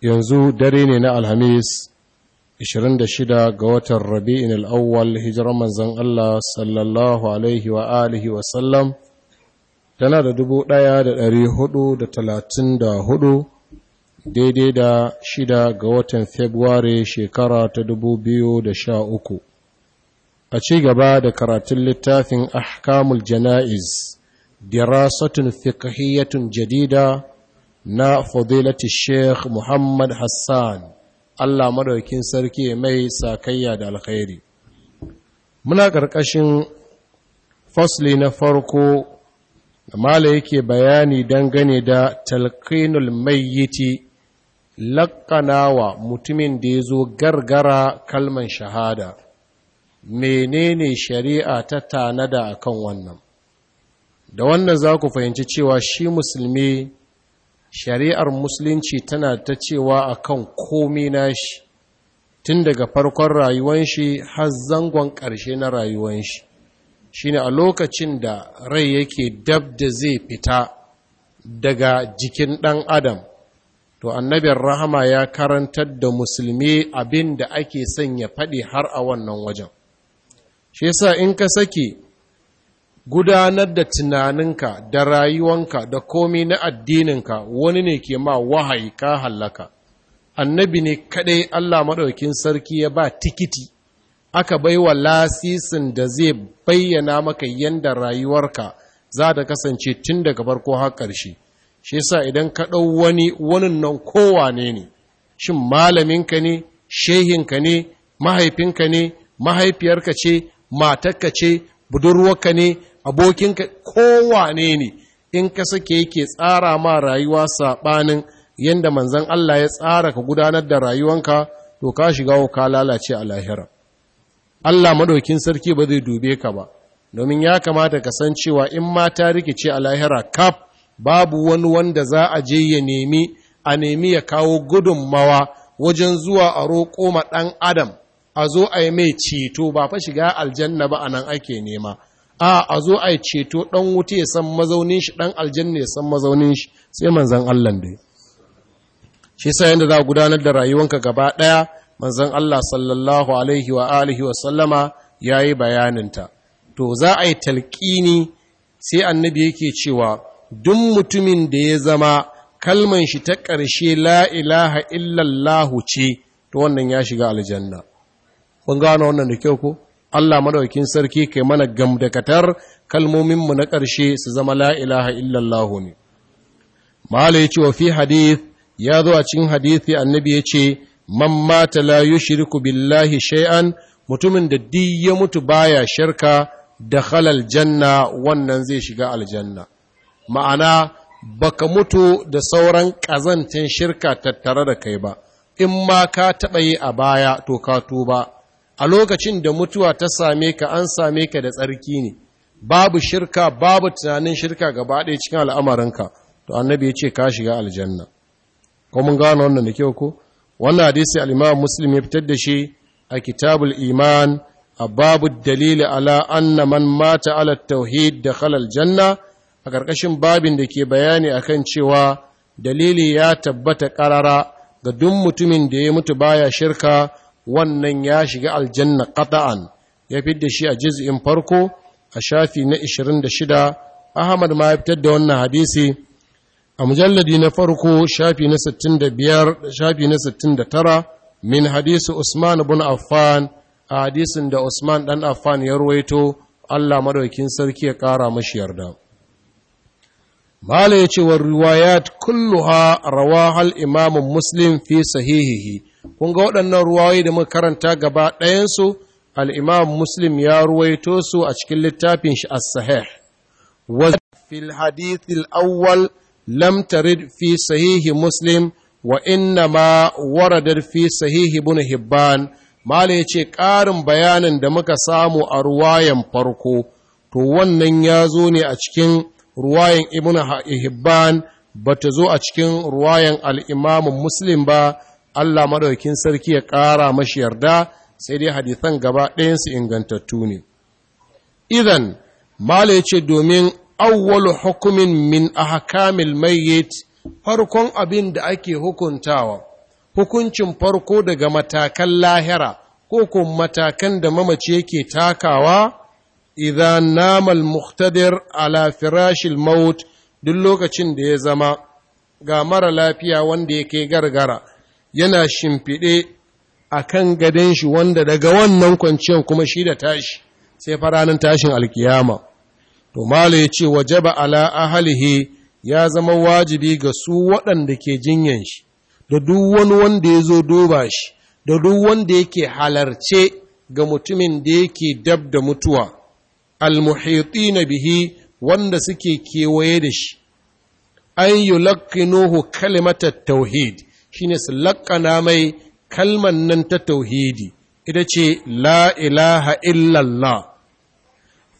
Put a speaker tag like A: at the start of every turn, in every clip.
A: yanzu dare ne na alhamis 26 ga watan rabi'in al'awwal hijirar manzan Allah sallallahu alaihi wa alihi sallam tana da 1434 daidai da shida ga watan februari shekara ta dubu biyu da sha uku. a ci gaba da karatun littafin ahkamul jana'iz dirasatun fiqhiyyatun jadida na fadilati sheikh muhammad hassan allah madaukin sarki mai sakayya da alkhairi muna ƙarƙashin fasli na farko da mala yake bayani dangane da talqinul mayyiti wa mutumin da ya zo gargara kalman shahada menene shari'a ta tanada akan wannan da wannan za ku fahimci cewa shi musulmi shari'ar musulunci tana ta cewa a akan komai shi, tun daga farkon rayuwan shi har zangon ƙarshe na rayuwan shi shine a lokacin da rai yake dab da zai fita daga jikin ɗan adam to annabin rahama ya karantar da musulmi abin da ake son ya faɗi har a wannan wajen shi yasa in ka sake gudanar da tunaninka da rayuwanka da komi na addininka wani ne ke ma wahayi ka hallaka annabi ne kadai Allah maɗaukin sarki ya ba tikiti aka baiwa lasisin da zai bayyana maka yadda rayuwarka za ta kasance tun daga farko har ƙarshe shi yasa idan ka ɗau wani wani nan kowane ne shin malaminka ne shehinka ne mahaifinka ne mahaifiyarka ce matarka ce budurwarka ne abokinka kowane ne in ka sake yake tsara ma rayuwa saɓanin yadda manzan Allah ya tsara ka gudanar da rayuwanka to ka shiga ka lalace a lahira Allah maɗaukin sarki ba zai dube ka ba domin ya kamata ka san cewa in ma ta rikice a lahira kaf babu wani wanda za a je ya nemi a nemi ya kawo gudunmawa wajen zuwa a roƙo ma ɗan adam a zo a yi mai ceto ba fa shiga aljanna ba a nan ake nema a a zo a ceto ɗan wuta ya san mazaunin shi ɗan aljanna ya san mazaunin shi sai manzan Allah dai shi sai yadda za a gudanar da rayuwanka gaba ɗaya manzan Allah sallallahu alaihi wa alihi wa sallama ya yi bayaninta to za a yi talƙini sai annabi yake cewa duk mutumin da ya zama kalman shi ta ƙarshe la ilaha illallahu ce to wannan ya shiga aljanna kun gano wannan da kyau ko Allah madaukin sarki kai mana gamdakatar kalmominmu na ƙarshe su zama la ilaha illallahu ne mala yace wa fi hadith ya zo a cikin hadithi annabi yace man mata la yushriku billahi shay'an mutumin da duk ya mutu baya shirka da khalal janna wannan zai shiga aljanna ma'ana baka mutu da sauran ƙazantin shirka tattare da kai ba in ma ka taɓa yi a baya to ka tuba a lokacin da mutuwa ta same ka an same ka da tsarki ne babu shirka babu tunanin shirka gaba ɗaya cikin al'amarinka to annabi ya ce ka shiga aljanna ko mun gano wannan da kyau ko wannan hadisi al-imam muslim ya fitar da shi a kitabul iman a babu dalili ala anna man mata ala tauhid da khalal janna a ƙarƙashin babin da ke bayani akan cewa dalili ya tabbata ƙarara ga duk mutumin da ya mutu baya shirka wannan ya shiga aljanna qata'an ya fidda shi a juz'in farko a shafi na 26 Ahmad ma ya fitar da wannan hadisi a mujalladi na farko shafi na 65 shafi na 69 min hadisi Usman ibn Affan a hadisin da Usman dan Affan ya ruwaito Allah madaukin sarki ya kara mashi yarda Mala ya ce wa riwayat kulluha rawahal imamun muslim fi sahihihi kun ga waɗannan ruwaye da muka karanta gaba ɗayansu al'imam muslim ya ruwaito su a cikin littafin shi as-sahih wasu fil hadith awwal lamtarid fi sahihi muslim wa inna ma waradar fi sahihi ibn hibban mala ce ƙarin bayanin da muka samu a ruwayan farko to wannan ya zo ne a cikin ruwayan ibn hibban ta zo a cikin ruwayan al’imamun muslim ba Allah madaukin sarki ya ƙara mashi yarda sai dai hadisan gaba ɗayansu ingantattu ne idan mala ya ce domin awwalu hukumin min ahkamil mayyit farkon abin da ake hukuntawa hukuncin farko daga matakan lahira ko kuma matakan da mamaci yake takawa idan namal muhtadir ala firashil maut duk lokacin da ya zama ga mara lafiya wanda ya kai gargara yana shimfiɗe a kan gadon shi wanda daga wannan kwanciyar kuma shi da tashi sai faranin tashin alkiyama to Malu ya ce wajaba ala ahalihi ya zama wajibi ga su waɗanda ke jinyan shi da duk wani wanda ya zo duba shi da duk wanda yake halarce ga mutumin da yake dab da mutuwa almuhiti na bihi wanda suke kewaye da shi an yi lakinohu kalimatar tauhid shine su laƙana mai kalman nan ta tauhidi ita ce la ilaha illallah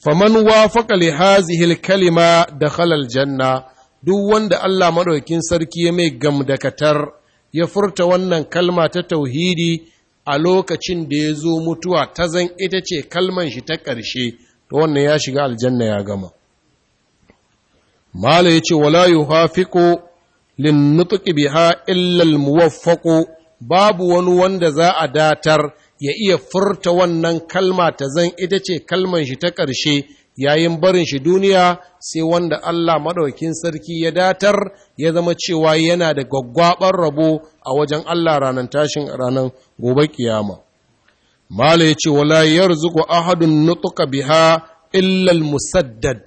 A: faman wafaqa li hazihi kalima da halal janna duk wanda Allah maɗaukin sarki ya mai gamdakatar ya furta wannan kalma ta tauhidi a lokacin da ya zo mutuwa ta zan ita ce kalman shi ta ƙarshe to wannan ya shiga aljanna ya gama mala yace wala yuhafiqu linnutuki biha illal muwaffaqu babu wani wanda za a datar ya iya furta wannan kalma ta zan ita ce kalman shi ta ƙarshe yayin barin shi duniya sai wanda Allah maɗaukin sarki ya datar ya zama cewa yana da gwaggwaɓar rabo a wajen Allah ranar tashin ranar gobe kiyama. Mala ya ce, wala yarzuku ahadun nutuka biha illal musaddad,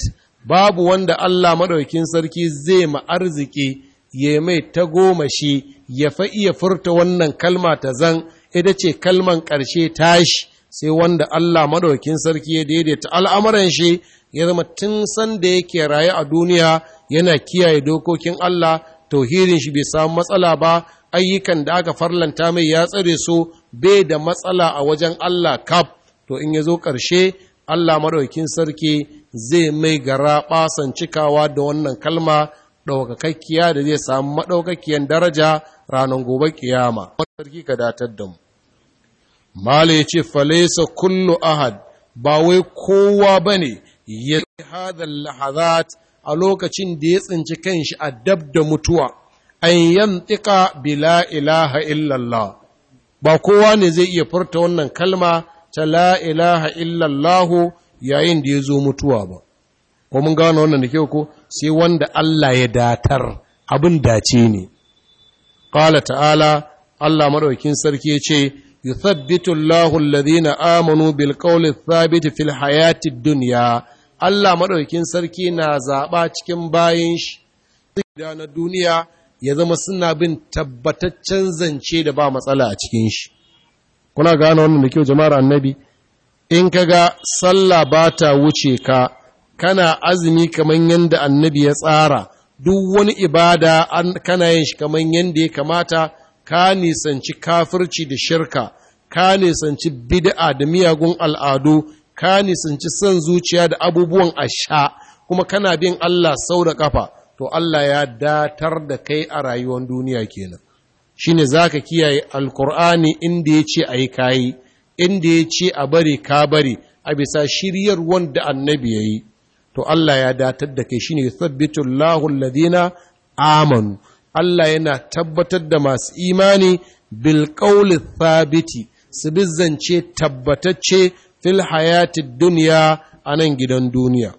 A: babu wanda Allah maɗaukin sarki zai ma arziƙi. ya mai ta goma shi ya fa iya furta wannan kalma ta zan ita ce kalman ƙarshe tashi sai wanda Allah madaukin sarki ya daidaita al'amuran shi ya zama tun sanda yake raye a duniya yana kiyaye dokokin Allah tauhidin shi bai samu matsala ba ayyukan da aka farlanta mai ya tsare su bai da matsala a wajen Allah kaf to in ya zo ƙarshe Allah madaukin sarki zai mai gara ɓasan cikawa da wannan kalma ɗaukakakkiya da zai samu maɗaukakkiyar daraja ranar gobe kiyama wani sarki ka datar da mu mala ya ce falaisa kullu ahad ba wai kowa ba ne ya hadar lahazat a lokacin da ya tsinci kanshi a dab da mutuwa an yantika bila ilaha illallah ba kowa ne zai iya furta wannan kalma ta la ilaha illallahu yayin da ya zo mutuwa ba ko mun gano wannan da kyau ko sai wanda Allah ya datar abin dace ne Ƙala ta'ala Allah maɗaukin sarki ya ce yuthabbitu Allahu alladhina amanu bil qawli sabiti fil hayati duniya. Allah maɗaukin sarki na zaɓa cikin bayan shi na duniya ya zama suna bin tabbataccen zance da ba matsala a cikin shi kuna gane wannan da kyau jama'ar annabi in ka ga sallah ba ta wuce ka kana azumi kamar yadda annabi ya tsara duk wani ibada kana yin shi kamar yadda ya kamata ka nisanci kafirci da shirka ka nisanci bid'a da miyagun al'adu ka nisanci son zuciya da abubuwan asha kuma kana bin Allah sau da kafa to Allah ya datar da kai a rayuwar duniya kenan shine zaka kiyaye alkur'ani inda ya ce ayi kayi inda ya ce a bari ka bari a bisa shiryar wanda annabi ya yi to Allah ya datar da kai shine yuthabbitu Allahu alladhina amanu Allah yana tabbatar da masu imani bil qawli thabiti su bizzance tabbatacce fil hayati dunya a nan gidan duniya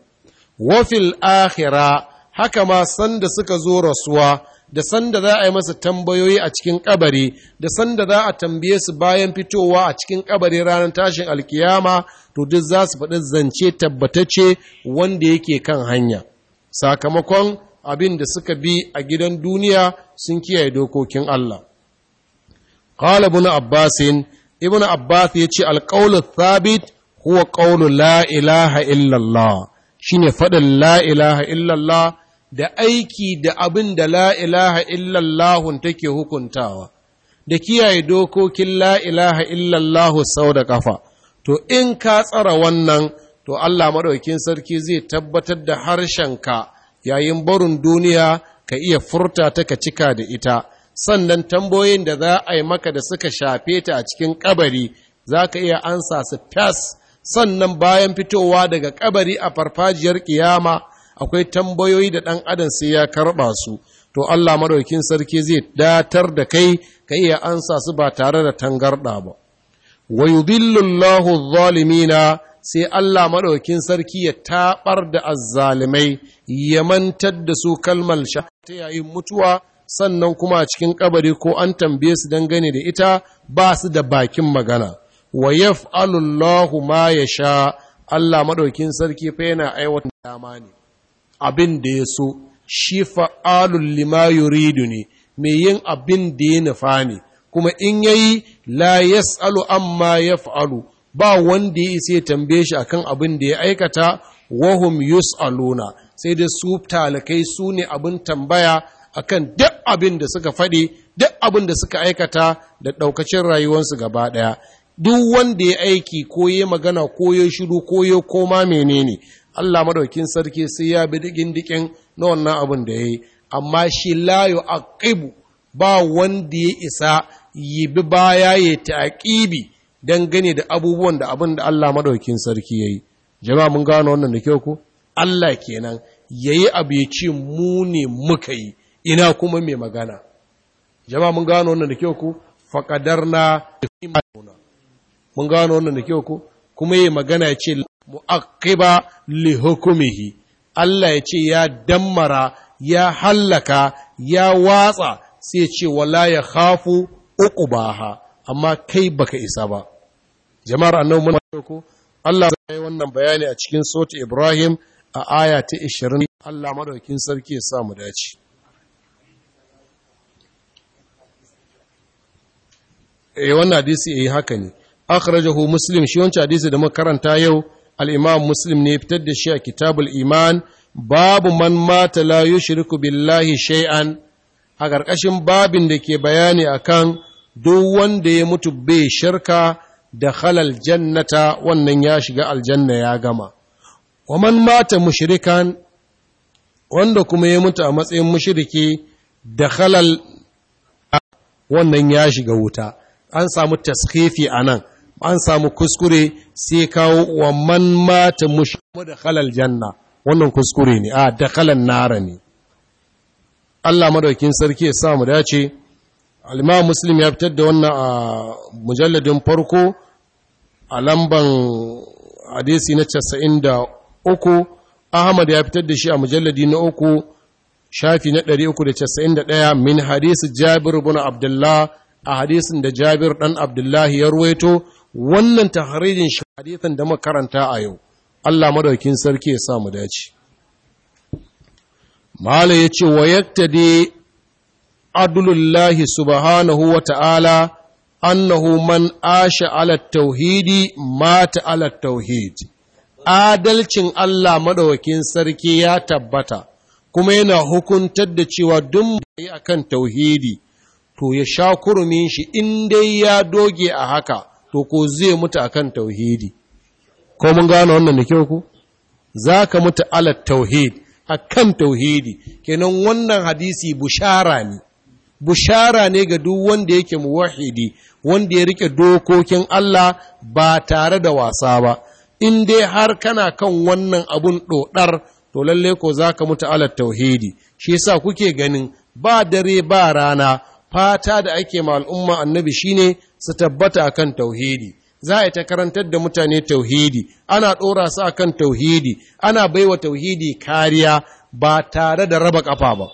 A: wa fil akhira haka ma sanda suka zo rasuwa da sanda za a yi masa tambayoyi a cikin kabari da sanda za a tambaye su bayan fitowa a cikin kabari ranar tashin alkiyama to duk za su faɗi zance tabbatacce wanda yake kan hanya sakamakon abin da suka bi a gidan duniya sun kiyaye dokokin Allah qala ibn abbas ibn abbas yace alqawlu thabit huwa qawlu la ilaha illallah shine faɗin la ilaha illallah da aiki da abin da la ilaha illallahun take hukuntawa, da kiyaye dokokin lailaha ilaha illallahu sau da kafa, to in ka tsara wannan, to Allah maɗaukin sarki zai tabbatar da harshen harshenka yayin barin duniya ka iya furta ta ka cika da ita, sannan tambayoyin da za a yi maka da suka shafe ta a cikin ƙabari, za ka iya ansa su fas, sannan bayan fitowa daga ƙabari a farfajiyar ƙiyama. akwai tambayoyi da ɗan adam sai ya karɓa su to Allah madaukin sarki zai datar da kai ka iya ansa su ba tare da tangarɗa ba wa yudhillullahu zalimina sai Allah madaukin sarki ya tabar da azzalimai ya mantar da su kalmal sha ta yayin mutuwa sannan kuma a cikin kabari ko an tambaye su dangane da ita ba su da bakin magana wa yaf'alullahu ma yasha Allah madaukin sarki fa yana aiwatar dama ne abin da ya so shi fa'alun lima yuridu ne mai yin abin da ya nufa ne kuma in yayi la ya yas'alu amma ya fa'alu ba wanda ya isa ya tambaye shi akan abin da ya aikata wahum yus alona sai dai su talakai su ne abin tambaya akan duk abin da suka faɗi duk abin da suka aikata da ɗaukacin rayuwarsu gaba ɗaya duk wanda ya aiki ko ya magana ko ya shiru ko ya koma menene Allah madaukin sarki sai ya bi digin dikin na wannan abin da ya yi. amma shi la yu'aqibu ba wanda ya isa yi bi baya ya don gane da abubuwan da abin da Allah madaukin sarki ya yi. Jama mun gano wannan da kyau ku, Allah kenan yi abu ya ce mu ne muka yi ina kuma mai magana Jama mun gano wannan da kyau ko faqadarna mun gano wannan da kyau ku, kuma yi magana ya ce mu'aqqiba li hukumihi Allah ya ce ya dammara ya hallaka ya watsa sai ce wala ya khafu uqubaha amma kai baka isa ba jama'ar annabi mun ko Allah ya yi wannan bayani a cikin sota Ibrahim a aya ta 20 Allah madaukin sarki ya sa mu dace eh wannan hadisi eh haka ne akhrajahu muslim shi wancan hadisi da muka karanta yau al'imam muslim ne fitar da shi a kitabul iman babu man mata la yushriku billahi shay'an a ƙarƙashin babin da ke bayani akan duk wanda ya mutu bai shirka da halal jannata wannan ya shiga aljanna ya gama wa man mata mushrikan wanda kuma ya mutu a matsayin mushriki da halal wannan ya shiga wuta an samu taskifi a nan an samu kuskure sai kawo wa man mata mushimu da halal janna wannan kuskure ne a da halal nara ne Allah madaukin sarki ya sa mu dace alima Muslim ya fitar da wannan a mujalladin farko a lamban hadisi na 93 Ahmad ya fitar da shi a mujalladi na uku shafi na 391 min hadisi Jabir ibn Abdullah a hadisin da Jabir dan Abdullahi ya ruwaito wannan tahririn shi da makaranta a yau Allah madaukin sarki ya sa dace mala yace wa yaktadi adlullahi subhanahu wa ta'ala annahu man asha ala tauhidi mata ala tauhid adalcin Allah madaukin sarki ya tabbata kuma yana hukuntar da cewa duk mai akan tauhidi to ya sha kurumin shi in dai ya doge a haka to ko zai mutu akan tauhidi ko mun gano wannan da kyau ku za ka mutu ala tauhid akan tauhidi kenan wannan hadisi bushara ne bushara ne ga duk wanda yake muwahidi wanda ya rike dokokin Allah ba tare da wasa ba in dai har kana kan wannan abun dodar to lalle ko zaka mutu ala tauhidi shi yasa kuke ganin ba dare ba rana fata da ake ma al'umma annabi shine su tabbata akan tauhidi za a ta karantar da mutane tauhidi ana ɗora su akan tauhidi ana baiwa tauhidi kariya ba tare da raba ƙafa ba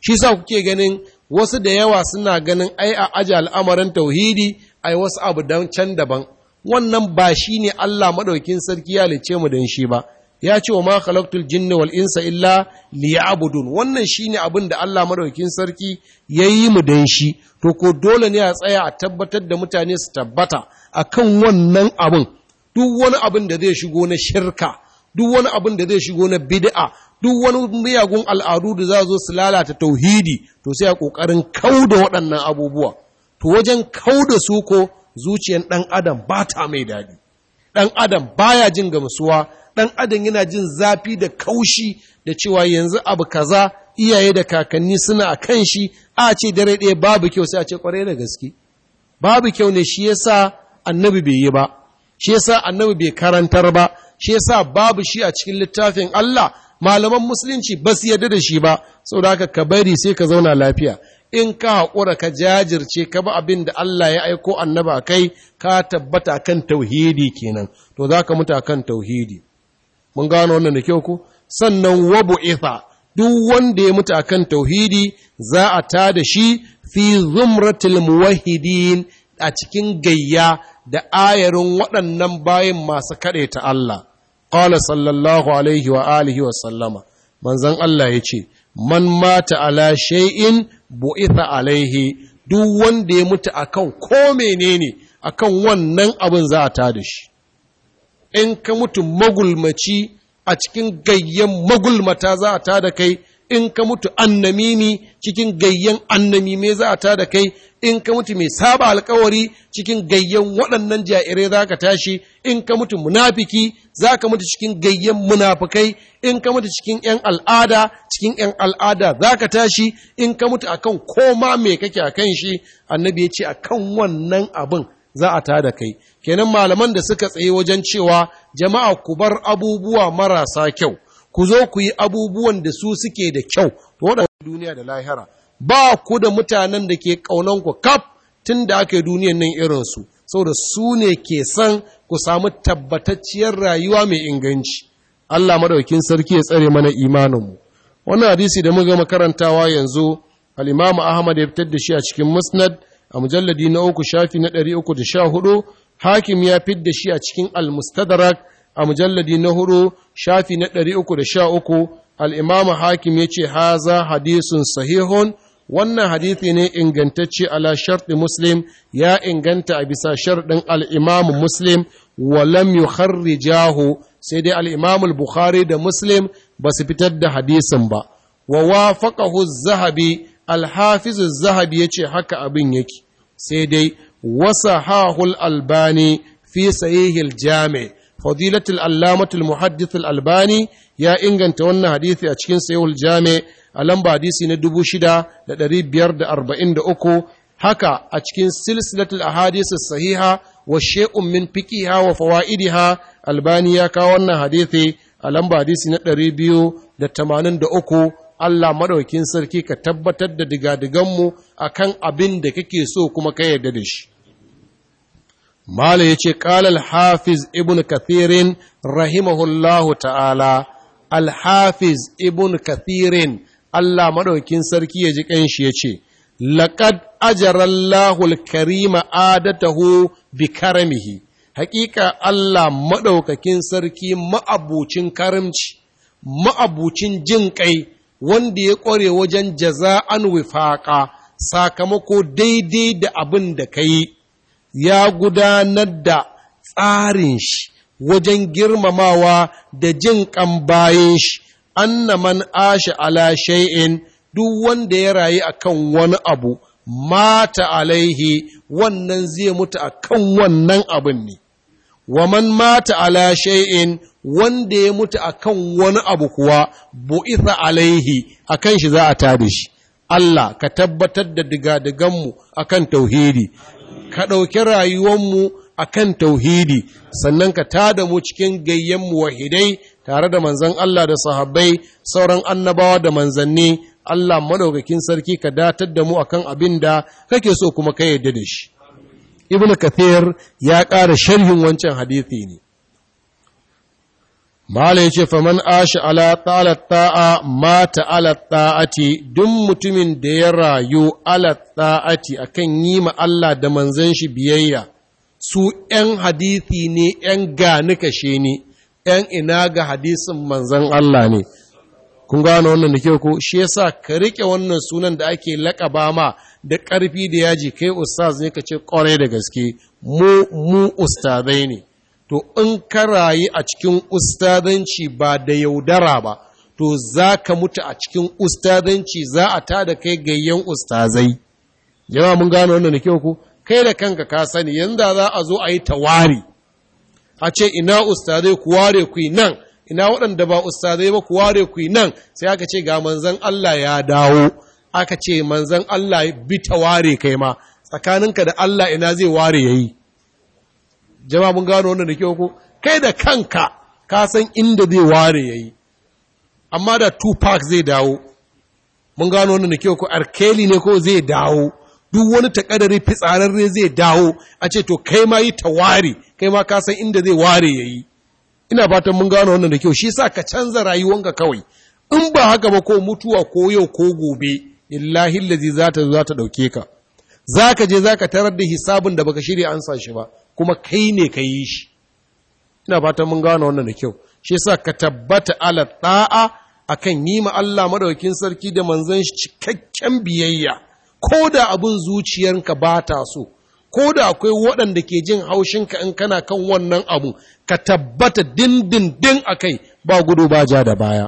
A: shi sa kuke ganin wasu da yawa suna ganin ai a aji al'amarin tauhidi ai wasu abu don can daban wannan ba shi ne Allah maɗaukin sarki ya lice mu don shi ba ya ce wa ma khalaqtul jinna wal insa illa liya'budun wannan shine abin da Allah madaukakin sarki yayi mu dan shi to ko dole ne a tsaya a tabbatar da mutane su tabbata akan wannan abin duk wani abin da zai shigo na shirka duk wani abin da zai shigo na bid'a duk wani miyagun al'adu da za zo su lalata tauhidi to sai a kokarin kauda waɗannan abubuwa to wajen kauda su ko zuciyar ɗan adam ba ta mai daɗi ɗan adam baya jin gamsuwa dan adam yana jin zafi da kaushi da cewa yanzu abu kaza iyaye da kakanni suna a kan shi a ce dare ɗaya babu kyau sai a ce kwarai da gaske babu kyau ne shi yasa annabi bai yi ba shi yasa annabi bai karantar ba shi yasa babu shi a cikin littafin Allah malaman musulunci ba su yarda da shi ba saboda haka ka bari sai ka zauna lafiya in ka haƙura ka jajirce ka ba abin da Allah ya aiko annabi a kai ka tabbata kan tauhidi kenan to za ka mutu kan tauhidi mun gano wannan da kyau ko sannan wabu itha duk wanda ya mutu akan tauhidi za a ta da shi fi zumratil muwahhidin a cikin gayya da ayarin waɗannan bayin masu kaɗe ta Allah qala sallallahu alaihi wa alihi wa sallama manzon Allah ya ce man mata ala shay'in bu'itha alaihi duk wanda ya mutu akan ko menene akan wannan abin za a ta da shi in ka mutu magulmaci a cikin gayyan magulmata za a ta da kai in ka mutu annamimi cikin gayyan annamime za a ta da kai in ka mutu mai saba alkawari cikin gayyan waɗannan jairai za ka tashi in ka mutu munafiki za ka mutu cikin gayyan munafukai. in ka mutu cikin ‘yan al'ada cikin ‘yan al'ada za ka tashi in ka mutu akan koma mai kake a kan shi annabi ya ce akan wannan abin za a ta da kai kenan malaman da suka tsaye wajen cewa jama'a ku bar abubuwa marasa kyau ku zo ku yi abubuwan da su suke da kyau to waɗanda duniya da lahira ba ku da mutanen da ke ƙaunan ku kaf tun da ake duniyan nan irinsu saboda su ne ke san ku samu tabbatacciyar rayuwa mai inganci Allah madaukin sarki ya tsare mana imaninmu wannan hadisi da muka makarantawa yanzu al Ahmad ya fitar da shi a cikin Musnad a mujalladi na uku shafi na hudu. hakim ya fidda shi a cikin al-mustadrak a mujalladi na huru shafi na ɗari da 313 al imamu hakim ya yace haza hadisun sahihun wannan hadithi ne ingantacce ala sharɗi muslim ya inganta a bisa sharɗin al'imamu muslim walam yi jahu sai dai al'imamu bukhari da muslim ba su fitar da hadisin ba wa wafaƙahu zahabi alhafizu zahabi ya ce haka abin yake sai dai وصحاه الألباني في صحيح الجامع فضيلة الألامة المحدث الألباني يا إنغان تونا حديثي أتشكين صحيح الجامع ألم بحديثي ندبو شدا لدري بيرد أربعين أكو haka أتشكين سلسلة الأحاديث الصحيحة sahiha من بكيها وفوائدها ألباني يا كاونا حديثي ألم بحديثي wannan بيو لتمانين lamba Allah madaukin sarki ka tabbatar da diga-digan digadiganmu akan abin da kake so kuma ka yarda da shi Mala ya ce, Ƙalal Hafiz ibn Kathirin rahimahullahu ta'ala, Al-Hafiz ibn Kathirin, Allah maɗaukin sarki ya ji ƙanshi ya ce, Laƙad ajarallahul karima adatahu bi karamihi, haƙiƙa Allah maɗaukakin sarki ma'abucin karimci, ma'abucin jin ƙai, wanda ya ƙware wajen jaza'an wifaƙa, sakamako daidai da abin da ka yi. ya gudanar da tsarin shi wajen girmamawa da jin ƙan bayan shi anna man ala shay'in duk wanda ya rayu akan wani abu mata alaihi wannan zai mutu akan wannan abin ne wa man mata ala shay'in wanda ya mutu akan wani abu kuwa bu'itha alaihi akan shi za a tada shi Allah ka tabbatar da diga-diganmu akan tauhidi ka ɗauki rayuwanmu a kan tauhidi sannan ka tada mu cikin gayyen wahidai tare da manzan Allah da sahabbai sauran annabawa da manzanni Allah maɗaukakin sarki ka datar da mu a kan abin da kake so kuma ka yarda da shi Ibn kathir ya ƙara sharhin wancan hadithi ne Mala ya ce, Faman ashi ala ta'ala ta'a mata ala ta'ati, duk mutumin da ya rayu ala ta'ati a kan yi ma Allah da manzan shi biyayya, su ’yan hadithi ne, ’yan gani kashe ne, ’yan ina ga hadisin manzan Allah ne. Kun gano wannan da kyau ko, shi yasa ka riƙe wannan sunan da ake laƙaba ma da ƙarfi da yaji, kai ustaz ne ka ce ƙwarai da gaske, mu, mu ustazai ne. to in ka rayu a cikin ustazanci ba da yaudara ba to za ka mutu a cikin ustazanci za a ta da kai gayyan ustazai Yana mun gano wannan da kyau ku kai da kanka ka sani yanzu za a zo a yi tawari a ce ina ustazai ku ware ku nan ina waɗanda ba ustazai ba ku ware ku nan sai aka ce ga manzon Allah ya dawo aka ce manzon Allah bi ta ware kai ma tsakaninka da Allah ina zai ware yayi Jama mun gano wannan da kyau ko kai da kanka ka san inda zai ware yayi amma da Tupac zai dawo mun gano wannan da kyau ko Arkeli ne ko zai dawo duk wani takadari fitsararre zai dawo a ce to kai ma yi ware kai ma ka san inda zai ware yayi ina fatan mun gano wannan da kyau shi yasa ka canza rayuwanka kawai in ba haka ba ko mutuwa ko yau ko gobe illahi allazi za ta zo za ka zaka je zaka tarar da hisabin da baka shirya an shi ba kuma kai ne ka yi shi ina fatan mun gano wannan da kyau shi yasa ka tabbata ala da'a akan yi ma Allah madaukakin sarki da manzon shi cikakken biyayya ko da abin zuciyarka ba ta so ko da akwai waɗanda ke jin haushinka in kana kan wannan abu ka tabbata dindindin a kai ba gudu ba ja da baya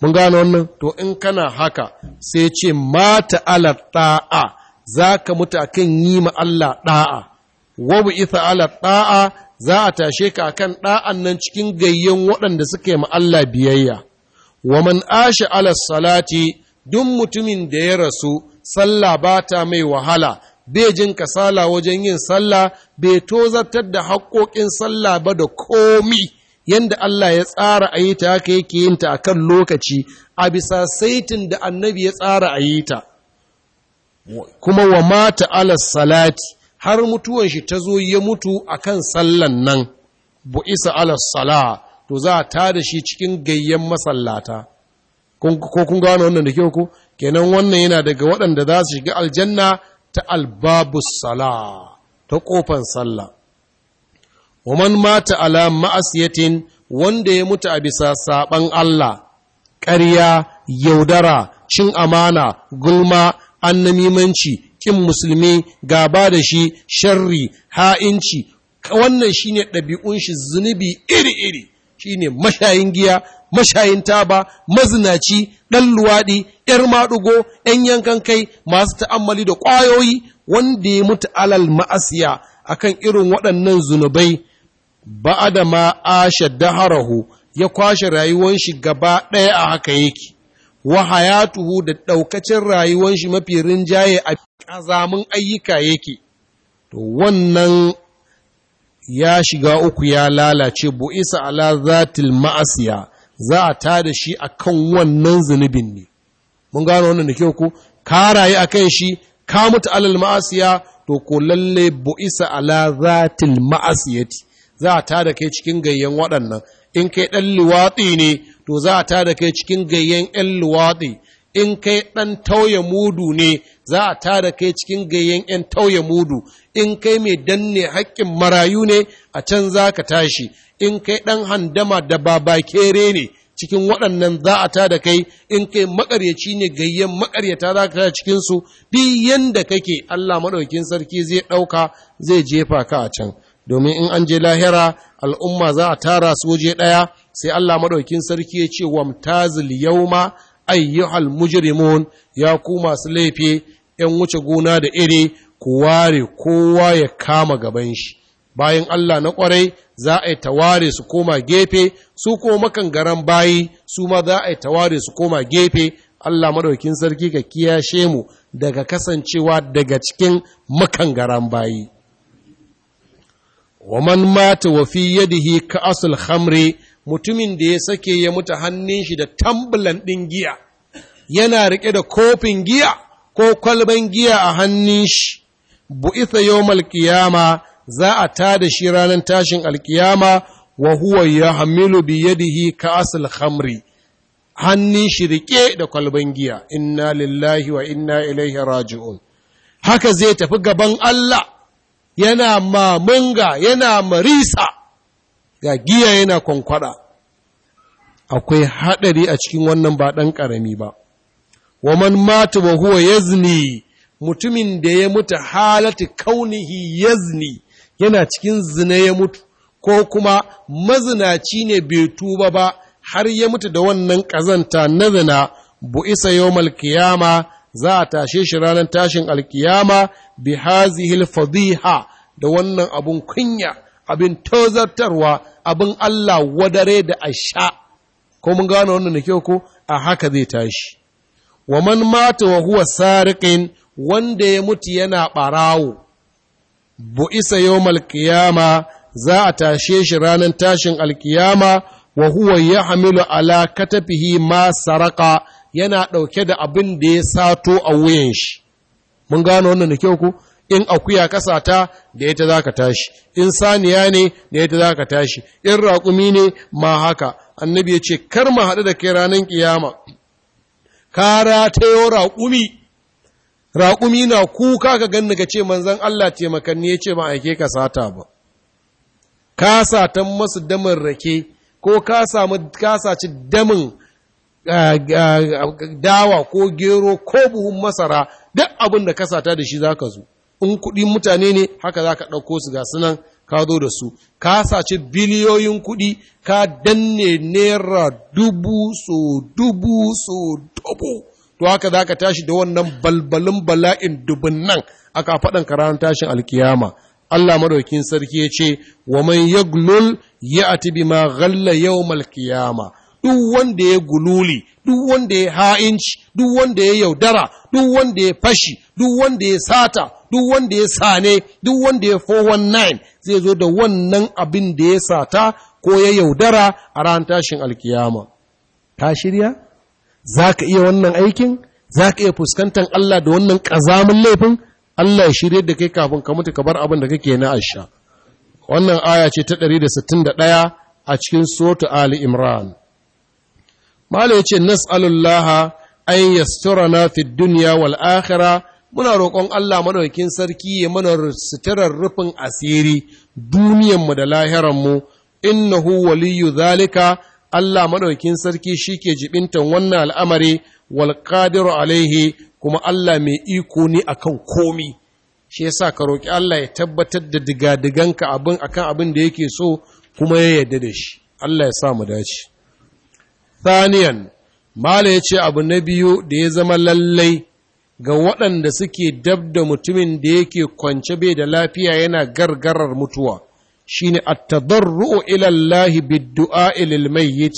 A: mun gano wannan to in kana haka sai ce mata ala ta'a za ka mutu akan yi ma Allah ɗa'a wa bu'itha ala ɗa'a za a tashe ka akan da'an nan cikin gayyen waɗanda suke ma Allah biyayya wa man ashe ala salati duk mutumin da ya rasu sallah ba ta mai wahala bai jin kasala wajen yin sallah bai tozartar da haƙoƙin sallah ba da komi Yadda Allah ya tsara a yi ta haka yake yin ta akan lokaci a bisa saitin da annabi ya tsara a ta kuma wa mata ala salati har mutuwan shi ta zo ya mutu a kan sallan nan bu'isa ala sala to za a da shi cikin gayyan masallata ko kun gano wannan da kyau ko kenan wannan yana daga waɗanda za su shiga aljanna ta albabu sala ta ƙofan sallah waman mata ala ma'asiyatin wanda ya mutu a bisa saɓan Allah ƙarya yaudara cin amana gulma annamimanci ƙin musulmi gaba da shi sharri ha'inci wannan shine ɗabi'un shi zunubi iri-iri shine mashayin giya mashayin taba mazinaci ɗan luwaɗi ƴar maɗugo ‘yan yankan kai masu ta'ammali da ƙwayoyi wanda ya mutu alal ma'asiya akan irin waɗannan zunubai ba da ma asha daharahu ya kwashe rayuwan shi gaba ɗaya a haka yake wa hayatuhu da ɗaukacin rayuwan shi mafi rinjaye a azamin ayyuka yake to wannan ya shiga uku ya lalace isa ala zatil ma'asiya za a da shi a kan wannan zunubin ne mun gano wannan da kyau ku ka rayu akan shi ka mutu alal ma'asiya to ko lalle isa ala zatil ma'asiyati za a da kai cikin gayyan waɗannan in kai ɗan luwaɗi ne to za a da kai cikin gayyan 'yan luwaɗi in kai ɗan tauye mudu ne za a tada kai cikin gayen 'yan tauye mudu in kai mai danne haƙƙin marayu ne a can za ka tashi in kai ɗan handama da babakere ne cikin waɗannan za a tada kai in kai makaryaci ne gayen makaryata za ka cikin cikinsu duk yanda kake Allah maɗaukin sarki zai ɗauka zai jefa ka a can domin in an je lahira al'umma za a tara su waje ɗaya sai Allah maɗaukin sarki ya ce wamtazil yauma ayyuhal mujrimun ya ku masu laifi ‘yan wuce gona da iri ku ware kowa ya kama gaban shi, bayan Allah na kwarai za a taware su koma gefe, su ko makangaran bayi su ma za a taware su koma gefe, Allah maɗaukin sarki ka kiyashe mu daga kasancewa daga cikin makangaran bayi. Waman mata wa fi yadihi ka asul khamri mutumin da ya sake ya mutu hannun shi da tambulan ɗin giya yana riƙe da kofin giya ko kwalban giya a hannun shi bu'itha yawmal qiyama za a tada shi ranar tashin alkiyama wa huwa hamilu bi yadihi ka'asal khamri hannun shi riƙe da kwalban giya inna lillahi wa inna ilaihi raji'un haka zai tafi gaban Allah yana mamunga yana marisa ga giya yana kwankwada akwai haɗari a cikin wannan ba ɗan ƙarami ba wa man huwa yazni mutumin da ya mutu halatu kaunihi yazni yana cikin zina ya mutu ko kuma mazinaci ne bai tuba ba har ya mutu da wannan ƙazanta na zina bu'isa yau malkiyama za a tashe shi ranar tashin alkiyama bi hazihil fadiha da wannan abun kunya abin tozartarwa abin Allah wadare da asha ko mun gano wannan da kyau ko a haka zai tashi wa man mata wa huwa sariqin wanda ya mutu yana ɓarawo, bu isa yau malkiyama za a tashe shi ranar tashin alkiyama wa huwa ya hamilu ala katafihi ma saraka yana ɗauke da abin da ya sato a wuyan shi. Mun gano wannan da kyau ko? in akuya kasata da ita za ka tashi in saniya ne da ita za ka tashi in raƙumi ne ma haka annabi ya ce kar ma haɗu da kai ranar ƙiyama ka ratayo raƙumi raƙumi na kuka ka ganni ka ce manzan Allah ne ya ce ba aike ka sata ba ka satan masu damin rake ko ka samu ka saci damin dawa ko gero ko buhun masara duk abin da ka da shi za ka zo in kuɗi mutane ne haka za ka ɗauko su ga sunan ka zo da su ka sace biliyoyin kuɗi ka danne naira dubu so dubu so dubu to haka za ka tashi da wannan balbalin bala'in dubun nan aka faɗan ka tashin alkiyama Allah madaukin sarki ya ce wa man yaglul bi ma, ghalla yawmal qiyama duk wanda ya gululi duk wanda ya ha'inci duk wanda ya yaudara duk wanda ya fashi duk wanda ya sata duk wanda ya sa ne, duk wanda ya 419 zai zo da wannan abin da ya sata ko ya yaudara a ran tashin alkiyama ka shirya za ka iya wannan aikin za ka iya fuskantar Allah da wannan ƙazamin laifin Allah ya shirya da kai kafin ka mutu ka bar abin da kake na asha wannan aya ce ta ɗari da 161 a cikin suratu ali imran mala yace nas'alullaha an yasturana fid dunya wal akhirah muna roƙon Allah maɗaukin sarki ya mana sitirar rufin asiri duniyanmu da lahiranmu innahu waliyu zalika Allah maɗaukin sarki shike jibintan wannan al'amari wal ƙadiru alaihi kuma Allah mai iko ne akan komi shi yasa ka roƙi Allah ya tabbatar da digadiganka abin a kan abin da yake so kuma ya yadda da shi Allah ya sa mu dace thaniyan ya ce abu na biyu da ya zama lallai ga waɗanda suke dab da mutumin da yake kwance bai da lafiya yana gargarar mutuwa shine at-tadarru ila Allah bid-du'a lil mayyit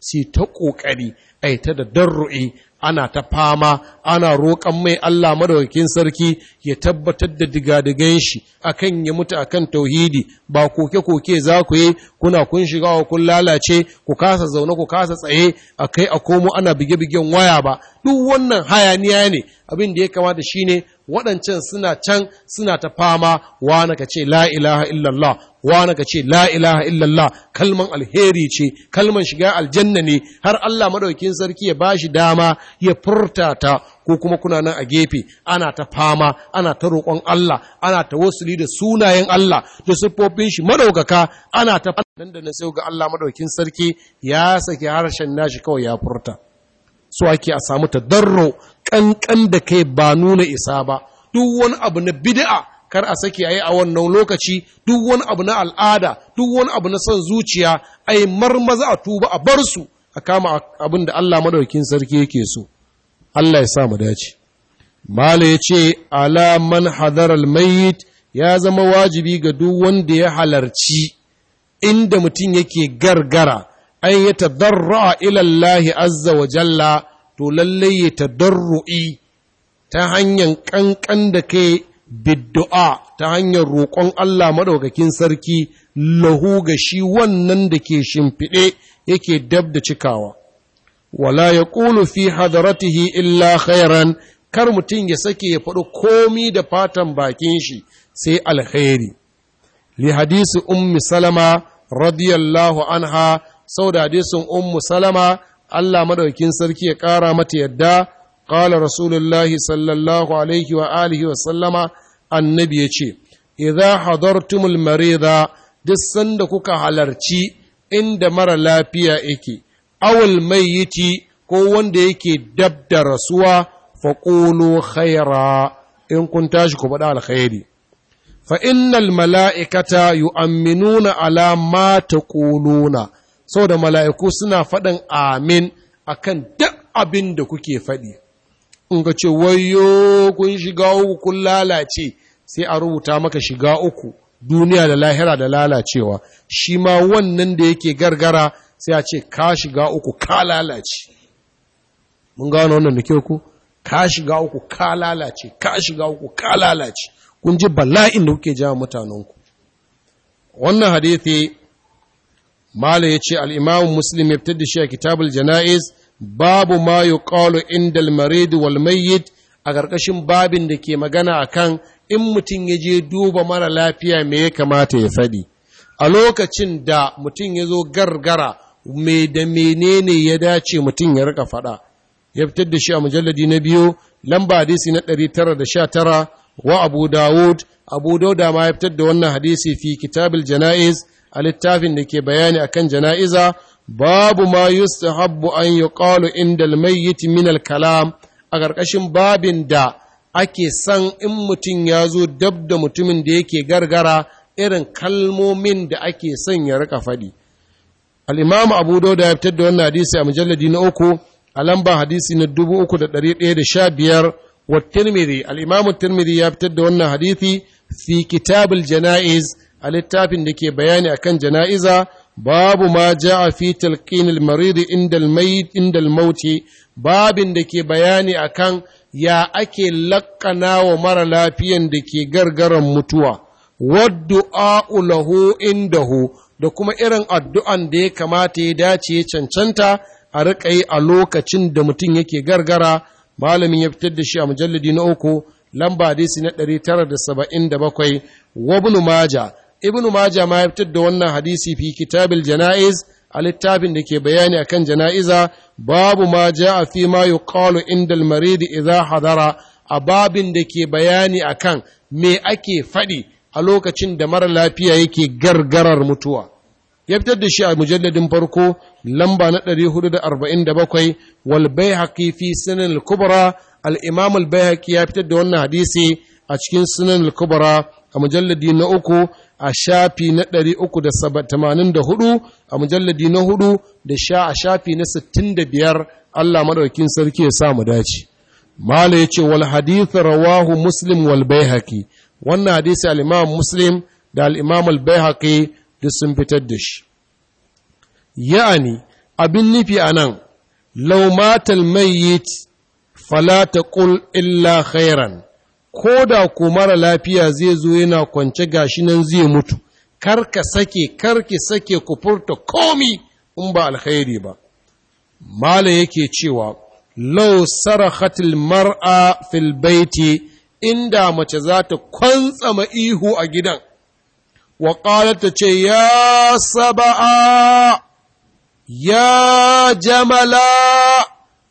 A: si ta ƙoƙari ai ta da darru'i ana ta fama ana roƙon mai Allah madaukakin sarki ya tabbatar da diga digadigan shi akan ya mutu akan tauhidi ba koke-koke za ku yi kuna kun shiga wa kun lalace ku kasa zaune ku kasa tsaye a kai a komo ana bige-bigen waya ba duk wannan hayaniya ne abin da ya kamata shine waɗancan suna can suna ta fama na ka ce la ilaha illallah wani ka ce la ilaha illallah kalman alheri ce kalman shiga aljanna ne har Allah madaukin sarki ya bashi dama ya furta ta ko kuma kuna nan a gefe ana ta fama ana ta roƙon Allah ana ta wasuli da sunayen Allah da siffofin shi madaukaka ana ta nan da nan sai ga Allah madaukin sarki ya saki harshen nashi kawai ya furta so ake a samu ta darro ƙanƙan da kai ba nuna isa ba duk wani abu na bid'a kar a sake a yi a wannan lokaci duk wani abu na al'ada duk wani abu na son zuciya a yi marmaza a tuba a bar su a kama abin da Allah madaukin sarki yake so Allah ya sa mu dace mala ya ce ala man hadar ya zama wajibi ga duk wanda ya halarci inda mutum yake gargara ai ya tadarra ila Allah azza wa jalla to lallai ya tadarru'i ta hanyar kankan da kai biddu'a ta hanyar roƙon Allah maɗaukakin sarki lahu ga shi wannan da ke shimfiɗe yake dab da cikawa wala ya ƙulu fi hadaratihi illa khairan kar mutum ya sake ya faɗi komi da fatan bakin shi sai alkhairi li hadisu ummi salama radiyallahu anha sau da hadisun ummu salama Allah maɗaukakin sarki ya ƙara mata yadda qala rasulullahi sallallahu alaihi wa alihi wa sallama annabi yace idza hadartumul marida duk sanda kuka halarci inda mara lafiya yake awul mayyiti ko wanda yake dab da rasuwa faƙolo khaira in kun tashi ku faɗa alkhairi fa innal mala'ikata yu'amminuna ala ma taquluna saboda mala'iku suna faɗin amin akan duk abin da kuke faɗi in ka ce wayo kun shiga uku kun lalace sai a rubuta maka shiga uku duniya da lahira da lalacewa shi ma wannan da yake gargara sai a ce ka shiga uku ka lalace mun gano wannan da kyau ku ka shiga uku ka lalace ka shiga uku ka lalace kun ji bala'in da kuke jama mutanenku wannan hadithi mala ya ce al'imamun muslim ya fitar da shi a kitabul jana'iz babu ma ƙalo, indal marid wal mayyit a ƙarƙashin babin da ke magana akan in mutum ya je duba mara lafiya me ya kamata ya faɗi a lokacin da mutum ya zo gargara me da menene ya dace mutum ya rika faɗa ya fitar da shi a mujalladi na biyu lamba hadisi na 919 wa abu dawud abu dauda ma ya fitar da wannan hadisi fi kitabul jana'iz a littafin da ke bayani akan jana'iza babu ma habbu an yuqalu inda almayyit min alkalam a ƙarƙashin babin da ake san in mutum ya zo dab da mutumin da yake gargara irin kalmomin da ake son ya rika faɗi al'imamu abu dauda ya fitar da wannan hadisi a mujalladi na uku a lamba hadisi na 3,115 wa tirmidhi al'imamu tirmidhi ya fitar da wannan hadisi fi kitabul jana'iz a littafin da ke bayani akan jana'iza babu ma ja'a fi fitar al-marid inda babin da ke bayani akan ya ake lakkana wa mara lafiyan da ke gargaran mutuwa waddu'a lahu indahu da kuma irin addu'an da ya kamata ya dace cancanta a riƙa yi a lokacin da mutum yake gargara malamin ya fitar da shi a mujalladi na uku lamba disi na 977 wabnu maja ibn majah ma ya fitar da wannan hadisi fi kitabil janaiz a littafin da ke bayani akan jana'iza babu ma a fi ma yuqalu inda al-marid idza hadara a babin da ke bayani akan me ake faɗi a lokacin da mara lafiya yake gargarar mutuwa ya fitar da shi a mujalladin farko lamba na 447 wal baihaqi fi sunan al-kubra al-imam al-baihaqi ya fitar da wannan hadisi a cikin sunan al-kubra a mujalladi na uku a shafi na 384 a mujalladi na hudu da sha a shafi na 65 Allah madaukin sarki ya sa mu dace mala yace wal hadith rawahu muslim wal baihaqi wannan hadisi al-imam muslim da al-imam al-baihaqi duk sun fitar da shi ya'ani abin nufi anan law matal mayyit fala taqul illa khairan ko da ko mara lafiya zai zo yana kwance gashi nan zai mutu karka sake kar sake ku furta komi in ba alkhairi ba mala yake cewa law sarahatil mar'a fil baiti inda mace za ta kwantsama ihu a gidan wa ta ce ya saba'a ya jamala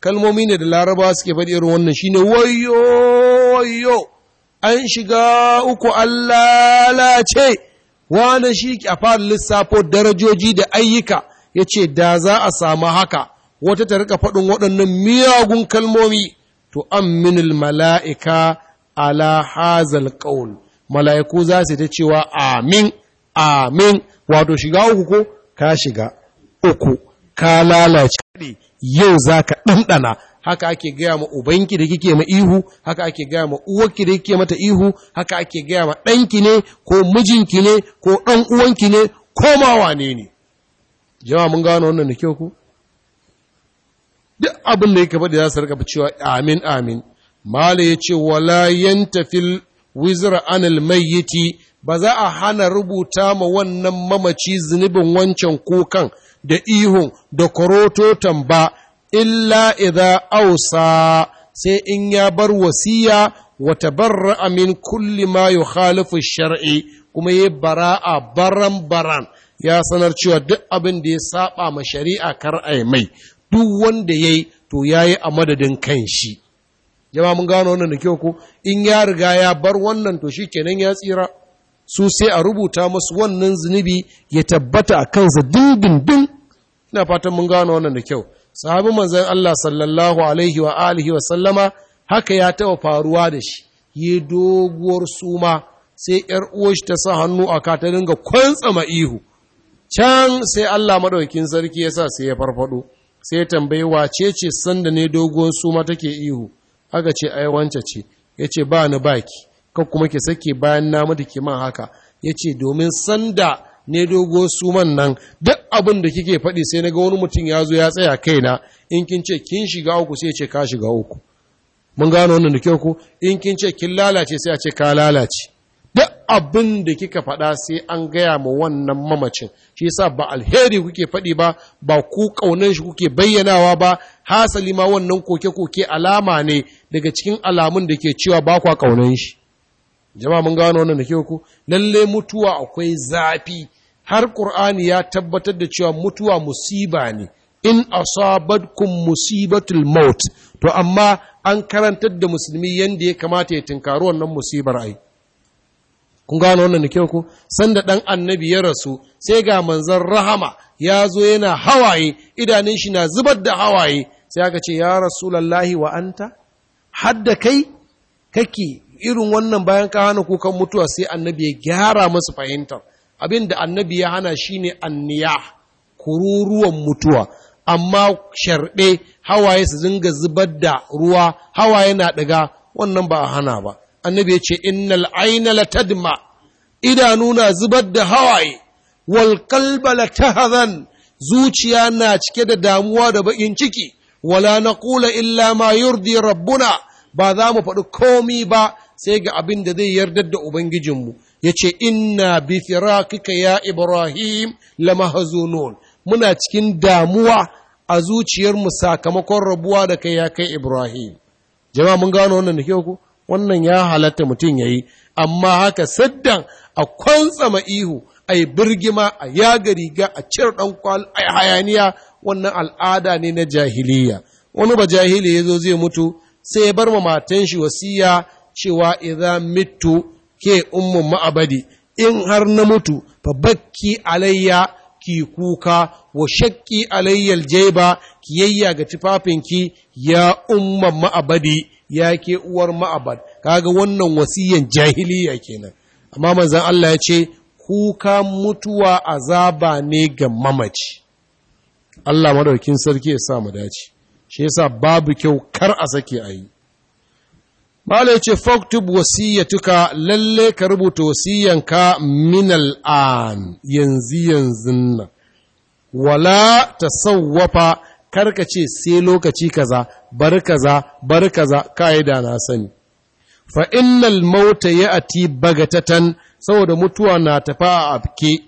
A: kalmomi da laraba suke faɗi irin wannan shine wayo wayo an shiga uku an lalace Wani shi a fara lissafo darajoji da ayyuka ya ce da za a samu haka wata ta rika faɗin waɗannan miyagun kalmomi to amminul mala'ika ala hazal ƙaun mala'iku za su ta cewa amin amin wato shiga uku ko ka shiga uku ka lalace yau za ka ɗanɗana haka ake gaya ma ubanki da kike ma ihu haka ake gaya ma uwarki da kike mata ihu haka ake gaya ma ɗanki ne ko mijinki ne ko ɗan uwanki ne ko ma wane ne jama'a mun gano wannan da kyau ku duk abin da yake faɗi za su rika cewa amin amin mala ya ce wala fil wizra anil mayyiti ba za a hana rubuta ma wannan mamaci zunubin wancan kukan da ihun da korototan ba illa idza ausa sai in ya bar wasiya wa tabarra'a min kulli ma yukhalifu shar'i kuma yi bara'a baran baran ya sanar cewa duk abin da ya saba ma shari'a kar ai mai duk wanda yayi to yayi a madadin kan shi jama'a mun gano wannan da kyau ko in ya riga ya bar wannan to shikenan ya tsira su sai a rubuta masu wannan zunubi ya tabbata a kansa dindindin ina fatan mun gano wannan da kyau sahabi manzon Allah sallallahu alaihi wa alihi wa sallama haka ya taɓa faruwa da shi yi doguwar suma sai ‘yar uwashi ta sa hannu a ka ta dinga kwantsama ihu can sai Allah maɗaukin sarki ya sa sai ya farfaɗo sai tambayi wace ce sanda ne doguwar suma take ihu aka ce ai wance ce ya ce ba ni baki kan kuma ki sake bayan na mutu man haka ya ce domin sanda ne dogo suman nan duk abin da kike faɗi sai na wani mutum ya zo ya tsaya kaina in kin ce kin shiga uku sai ya ce ka shiga uku mun gano wannan da kyau ko in kin ce kin lalace sai ya ce ka lalace duk abin da kika faɗa sai an gaya ma wannan mamacin shi yasa ba alheri kuke faɗi ba ba ku kaunanshi shi kuke bayyanawa ba hasali ma wannan koke-koke alama ne daga cikin alamun da ke cewa ba kwa shi jama'a mun gano wannan da ke ku lalle mutuwa akwai zafi har ƙur'ani ya tabbatar da cewa mutuwa musiba ne in asabatkum musibatul maut to amma an karantar da musulmi yadda ya kamata ya tinkaru wannan musibar ai kun gano wannan da kyau ko sanda ɗan annabi ya rasu sai ga manzon rahama ya zo yana hawaye idanun shi na zubar da hawaye sai aka ce ya rasulullahi wa anta hadda kai kake irin wannan bayan ka hana kukan mutuwa sai annabi ya gyara masu fahimtar abin da annabi ya hana shi shine anniya kururuwan mutuwa amma sharɗe hawaye su zinga zubar da ruwa hawaye na ɗiga wannan ba a hana ba annabi ya ce innal aina la tadma idanu na zubar da hawaye wal qalba la tahzan zuciya na cike da damuwa da baƙin ciki wala na naqula illa ma yurdi rabbuna ba za mu faɗi komi ba sai ga abin da zai yardar da ubangijinmu ya ce inna bi firakika ya ibrahim la mahzunun muna cikin damuwa a zuciyarmu sakamakon rabuwa da kai ya kai ibrahim jama'a mun gano wannan da kyau ku wannan ya halatta mutum ya yi amma haka saddan a kwantsama ihu a yi birgima a yaga riga a cire ɗan a hayaniya wannan al'ada ne na jahiliya wani ba jahili ya zo zai mutu sai ya bar ma matan shi wasiya cewa idan mitu ke umman ma'abadi in har na mutu fa bakki alayya ki kuka wa shakki alayyal jaiba ki yayya ga tufafinki ya umman ma'abadi ya ke uwar ma'abad kaga wannan wasiyan jahiliya kenan amma manzon Allah ya ce kuka mutuwa azaba ne ga mamaci Allah madaukin sarki ya sa mu dace shi yasa babu kyau kar a sake ayi Mala ya ce, Faktub wasiyyatuka lalle ka rubuta wasiyyanka minal an yanzu yanzun nan, wala ta sauwafa karka ce sai lokaci kaza, bar kaza, bar kaza, ka'ida na sani. Fa innal mauta ya ati bagatatan saboda mutuwa na tafa a abke,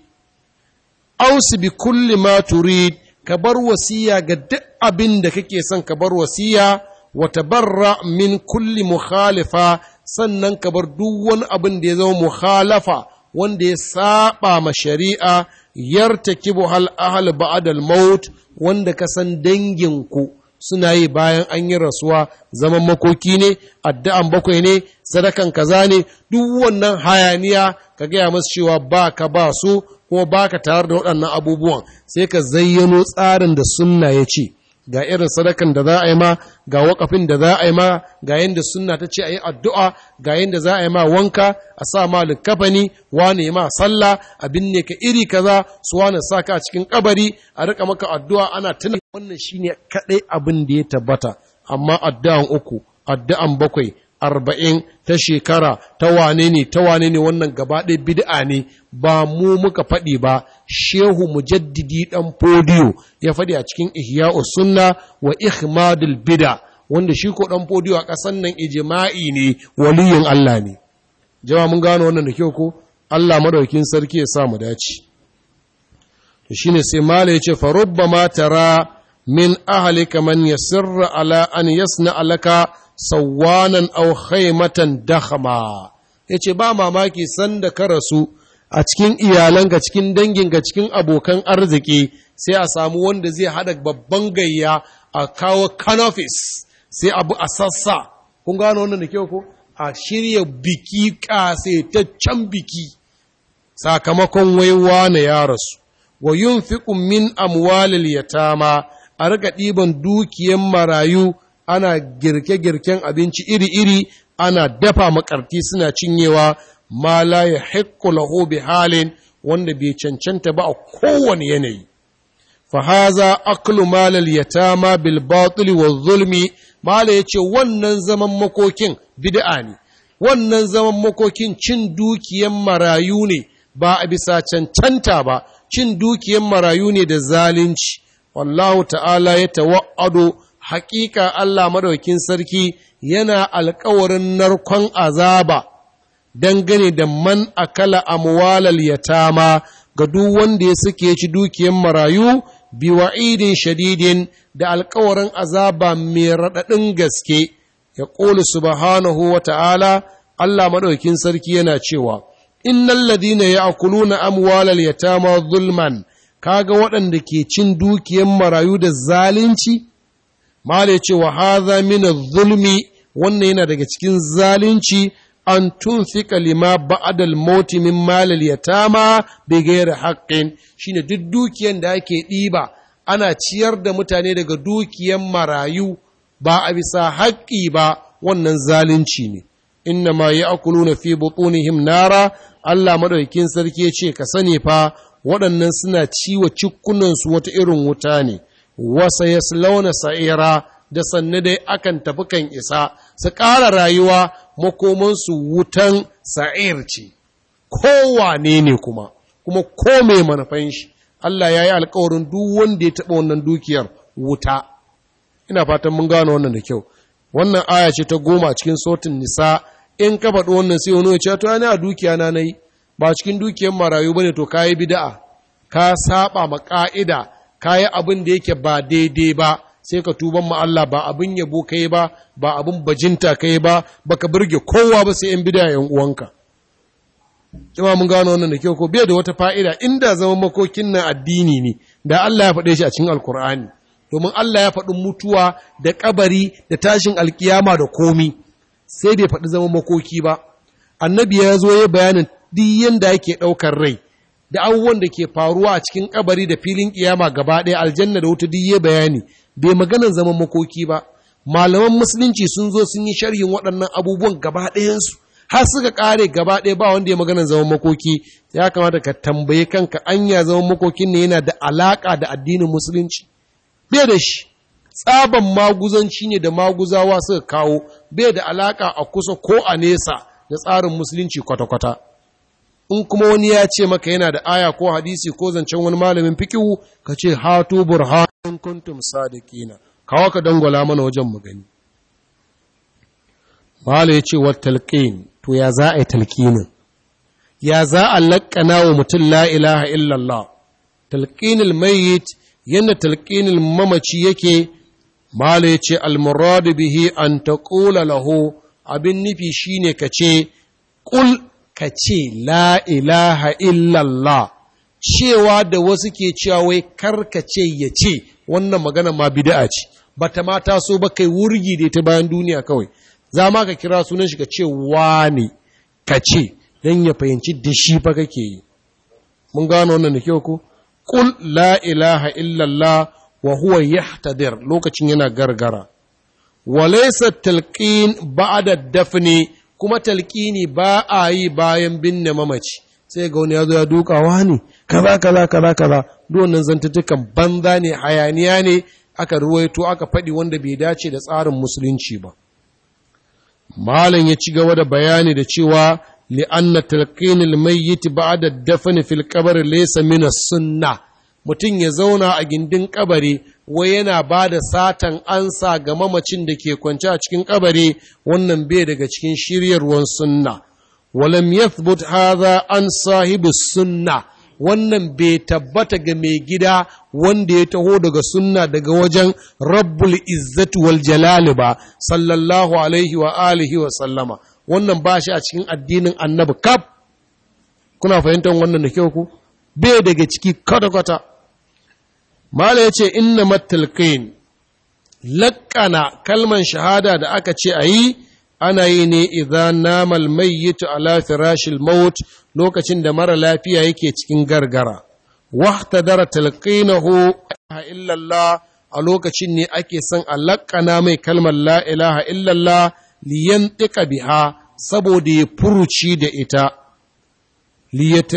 A: ausu bi kulli ma turid ka bar wasiya ga duk abin da kake son ka bar wasiya wa tabarra min kulli mukhalifa sannan ka bar duk wani abin da ya zama muhalafa wanda ya saba ma shari'a yartakibu hal ahl ba'd maut wanda ka san dangin ku suna yi bayan an yi rasuwa zaman makoki ne addu'an bakwai ne sadakan kaza ne duk wannan hayaniya ka gaya masu cewa ba ka ba su kuma ba ka tare da waɗannan abubuwan sai ka zayyano tsarin da sunna ya ce ga irin sadakan da za a yi ma ga wakafin da za a yi ma ga yadda sunna ta ce a yi addu'a ga yadda za a yi ma wanka a sa ma likafani wane ma sallah a binne ka iri kaza su wane sa ka cikin kabari a rika maka addu'a ana tuna wannan shi ne kadai abin da ya tabbata amma addu'an uku addu'an bakwai arba'in ta shekara ta wane ne ta wane ne wannan gaba ɗaya bid'a ne ba mu muka faɗi ba shehu mujaddidi dan podiyo ya faɗi a cikin ihya'us sunna wa ihmadul bid'a wanda shi ko dan podiyo a ƙasan nan ijma'i ne waliyin Allah ne jama'a mun gano wannan da kyau ko Allah madaukin sarki ya sa mu dace to shine sai mala yace fa rubbama tara min ahlika man yasir ala an yasna alaka sawanan aw khaymatan dakhma yace ba mamaki sanda ka rasu a cikin iyalanka cikin danginka cikin abokan arziki sai a samu wanda zai haɗa babban gayya a kawo kanofis sai abu a sassa kun gano wannan da kyau ko a shirya biki ƙasaitaccen biki sakamakon waiwa na ya rasu wa yin min amwalil yatama a riga ɗiban dukiyan marayu ana girke-girken abinci iri-iri ana dafa makarti suna cinyewa ma la yahiqqu lahu bi halin wanda bai cancanta ba a kowane yanayi fa aklu Malal ya yatama bil batil wa zulmi mala ce wannan zaman makokin bid'a ne wannan zaman makokin cin dukiyan marayu ne ba a bisa cancanta ba cin dukiyan marayu ne da zalunci wallahu ta'ala ya tawa'ado haƙiƙa Allah madaukin sarki yana alƙawarin narkon azaba dangane da man akala amwalal yatama ga duk wanda ya suke ci dukiyar marayu waidin shadidin da alkawarin azaba mai raɗaɗin gaske ya ƙoli subhanahu wa ta'ala Allah maɗaukin sarki yana cewa innal ladina ya'kuluna amwalal yatama zulman kaga waɗanda ke cin dukiyar marayu da zalunci ce wa hadha min zulmi wannan yana daga cikin zalunci an tunfika lima ba'adal moti min malal yatama bi ghairi haqqin shine duk dukiyan da ake ɗiba ana ciyar da mutane daga dukiyan marayu ba a bisa haƙƙi ba wannan zalunci ne inna ma na fi butunihim nara Allah maɗaukin sarki ce ka sani fa waɗannan suna ciwa cikunansu wata irin wuta ne wasa yaslauna sa'ira da sannu dai akan tafi kan isa su ƙara rayuwa makomansu wutan sa'ir ce kowane ne kuma kuma ko mai manufan shi Allah ya yi alkawarin duk wanda ya taɓa wannan dukiyar wuta ina fatan mun gano wannan da kyau wannan aya ce ta goma cikin sotin nisa in ka faɗi wannan sai wani wace to ana dukiya na nayi ba cikin dukiyar marayu bane to kayi bid'a ka saba ma ka'ida kayi abin da yake ba daidai ba sai ka tuban ma Allah ba abin yabo kai ba ba abin bajinta kai ba baka burge kowa ba sai yan bid'a yan uwanka jama'a mun gano wannan da kyau ko bai da wata fa'ida inda zaman makokin nan addini ne da Allah ya faɗe shi a cikin alkur'ani domin Allah ya faɗi mutuwa da kabari da tashin alkiyama da komi sai bai faɗi zaman makoki ba annabi ya zo ya bayanin duk yanda yake ɗaukar rai da abubuwan da ke faruwa a cikin kabari da filin kiyama gaba ɗaya aljanna da wuta duk bayani bai magana zaman makoki ba malaman musulunci sun zo sun yi sharhin waɗannan abubuwan gaba ɗayansu har suka kare gaba ɗaya ba wanda ya magana zaman makoki ya kamata ka tambaye kanka anya zaman makokin ne yana da alaƙa da addinin musulunci bai da shi tsaban maguzanci ne da maguzawa suka kawo bai da alaƙa a kusa ko a nesa da tsarin musulunci kwata-kwata in kuma wani ya ce maka yana da aya ko hadisi ko zancen wani malamin fikihu ka ce hatu burhanun kuntum sadiqina kawo ka dangwala mana wajen mu gani mala ya ce wa talqin to ya za a yi talqinin ya za a laƙana wa mutum la ilaha illallah talqinil mayyit yanda talqinil mamaci yake mala ya ce almuradu bihi an taqula lahu abin nufi shine ka ce qul ka ce la ilaha illallah cewa da wasu ke cewa wai ce ya ce wannan magana ma bida'a ce ba ta ma taso ba kai wurgi da ta bayan duniya kawai za ma ka kira sunan shi ka ce wani ka ce don ya fahimci da shi fa kake yi mun gano wannan da kyau ko kul la ilaha illallah wa huwa yahtadir lokacin yana gargara wa laysa talqin ba'da dafni kuma talƙini ba a yi bayan binne mamaci sai ga wani ya zo ya ne kaza kaza kaza kaza duk wannan zantutukan banza ne hayaniya ne aka ruwaito aka faɗi wanda bai dace da tsarin musulunci ba malam ya ci gaba da bayani da cewa li'anna talqinil mayyit ba'da dafn fil qabr laysa min as-sunnah mutum ya zauna a gindin kabari wai yana ba da satan ansa ga mamacin da ke kwance a cikin kabari wannan bai daga cikin shiryarwar sunna walam yathbut haza an sahibus sunna wannan bai tabbata ga mai gida wanda ya taho daga sunna daga wajen rabbul izzati wal jalali ba sallallahu alaihi wa alihi wa sallama wannan ba shi a cikin addinin annabi kaf kuna fahimtar wannan da kyau ku bai daga ciki kwata-kwata Mala ya ce, Inna matalƙin, laƙana kalman shahada da aka ce a yi, ana yi ne idan namal mayyitu ala firashil maut lokacin da mara lafiya yake cikin gargara. Wata dara talƙinahu illallah a lokacin ne ake son a laƙana mai kalmar la illallah liyan biha saboda ya furuci da ita.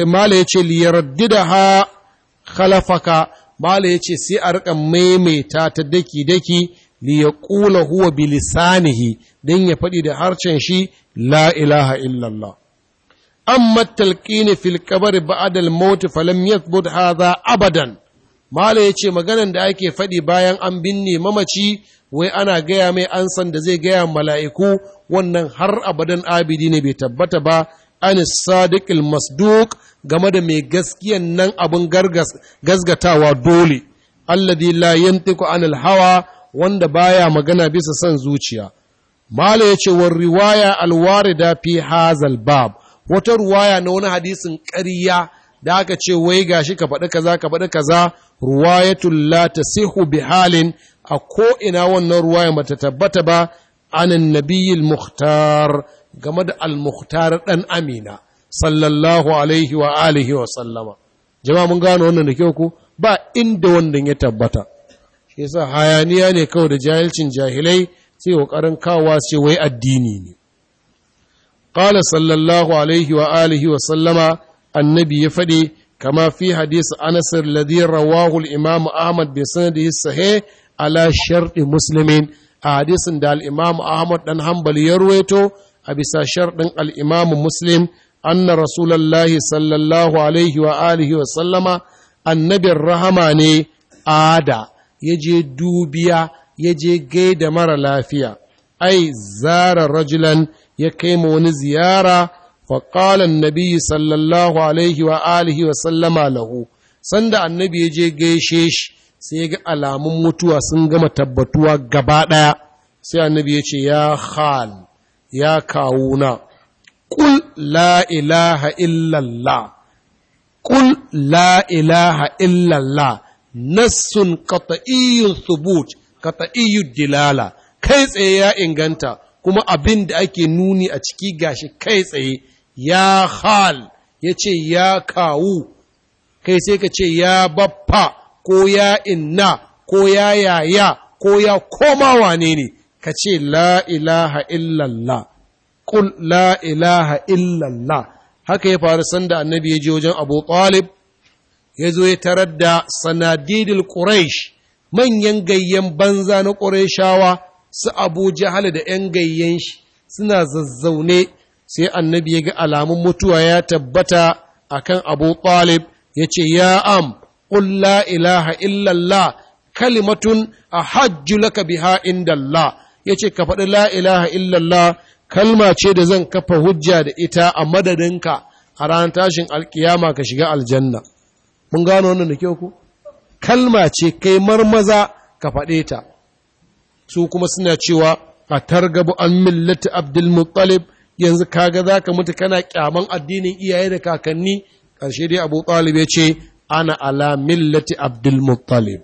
A: Mala ya ce, liyar ha khalafaka bala ya ce sai a riƙa maimaita ta daki-daki li ya ƙula huwa bilisanihi don ya faɗi da harshen shi la ilaha illallah amma talqini fil qabr ba'da al maut falam yathbut hadha abadan mala yace maganan da ake faɗi bayan an binne mamaci wai ana gaya mai an san da zai gaya mala'iku wannan har abadan abidi ne bai tabbata ba an al masduq game da mai gaskiyan nan abin gasgatawa dole alladhi la yantiqu al hawa wanda baya magana bisa san zuciya mala yace war riwaya al-warida fi hazal bab wata ruwaya na wani hadisin ƙarya da aka ce wai gashi ka faɗi kaza ka faɗi kaza ruwayatul la tasihu bi halin a ko ina wannan ruwaya bata tabbata ba anan nabiyil muhtar game da al-mukhtar dan amina sallallahu alaihi wa alihi wa sallama jama'a mun gano wannan da kyau ku? ba inda wannan ya tabbata shi yasa hayaniya ne kawai da jahilcin jahilai sai kokarin kawa sai wai addini ne qala sallallahu alaihi wa alihi wa sallama annabi ya faɗi kama fi hadisi anas alladhi rawahu al-imam ahmad bi sanadihi sahih ala shart muslimin a hadisin da al-imam ahmad dan hanbali ya ruwaito a bisa sharɗin al'imamu muslim anna rasulallahi sallallahu alaihi wa alihi wa sallama annabin rahama ne ada ya je dubiya ya je gaida mara lafiya ai zara rajulan ya kai ma wani ziyara faƙalan nabi sallallahu alaihi wa alihi wa sallama lahu sanda annabi ya je gaishe shi sai ga alamun mutuwa sun gama tabbatuwa gaba ɗaya sai annabi ya ce ya khal ya kawuna ƙul la ilaha illallah ƙul la ilaha illallah nassun kata'iyyun thubut qat'iyyud dilala kai tsaye ya inganta kuma abin da ake nuni a ciki gashi kai tsaye ya hal ya ce ya kawu kai sai ka ce ya baffa ko ya inna ko ya yaya ko ya koma wane ne ka ce la ilaha illallah kul la ilaha illallah haka ya faru sanda annabi ya je wajen abu talib ya zo ya tarar da sanadidil quraish manyan gayyen banza na qurayshawa su abu jahal da yan gayyen shi suna zazzaune sai annabi ya ga alamun mutuwa ya tabbata akan abu talib ya ce ya am qul la ilaha illallah kalimatun a hajju laka biha inda Allah ya ce ka faɗi la ilaha illallah kalma ce da zan kafa hujja da ita a madadinka a ranar tashin alkiyama ka shiga aljanna mun gano wannan da kyau ku kalma ce kai marmaza ka faɗe ta su kuma suna cewa a targabu an millati abdul muttalib yanzu kaga ka mutu kana kyaman addinin iyaye da kakanni ƙarshe dai abu talib ya ce ana ala millati abdul muttalib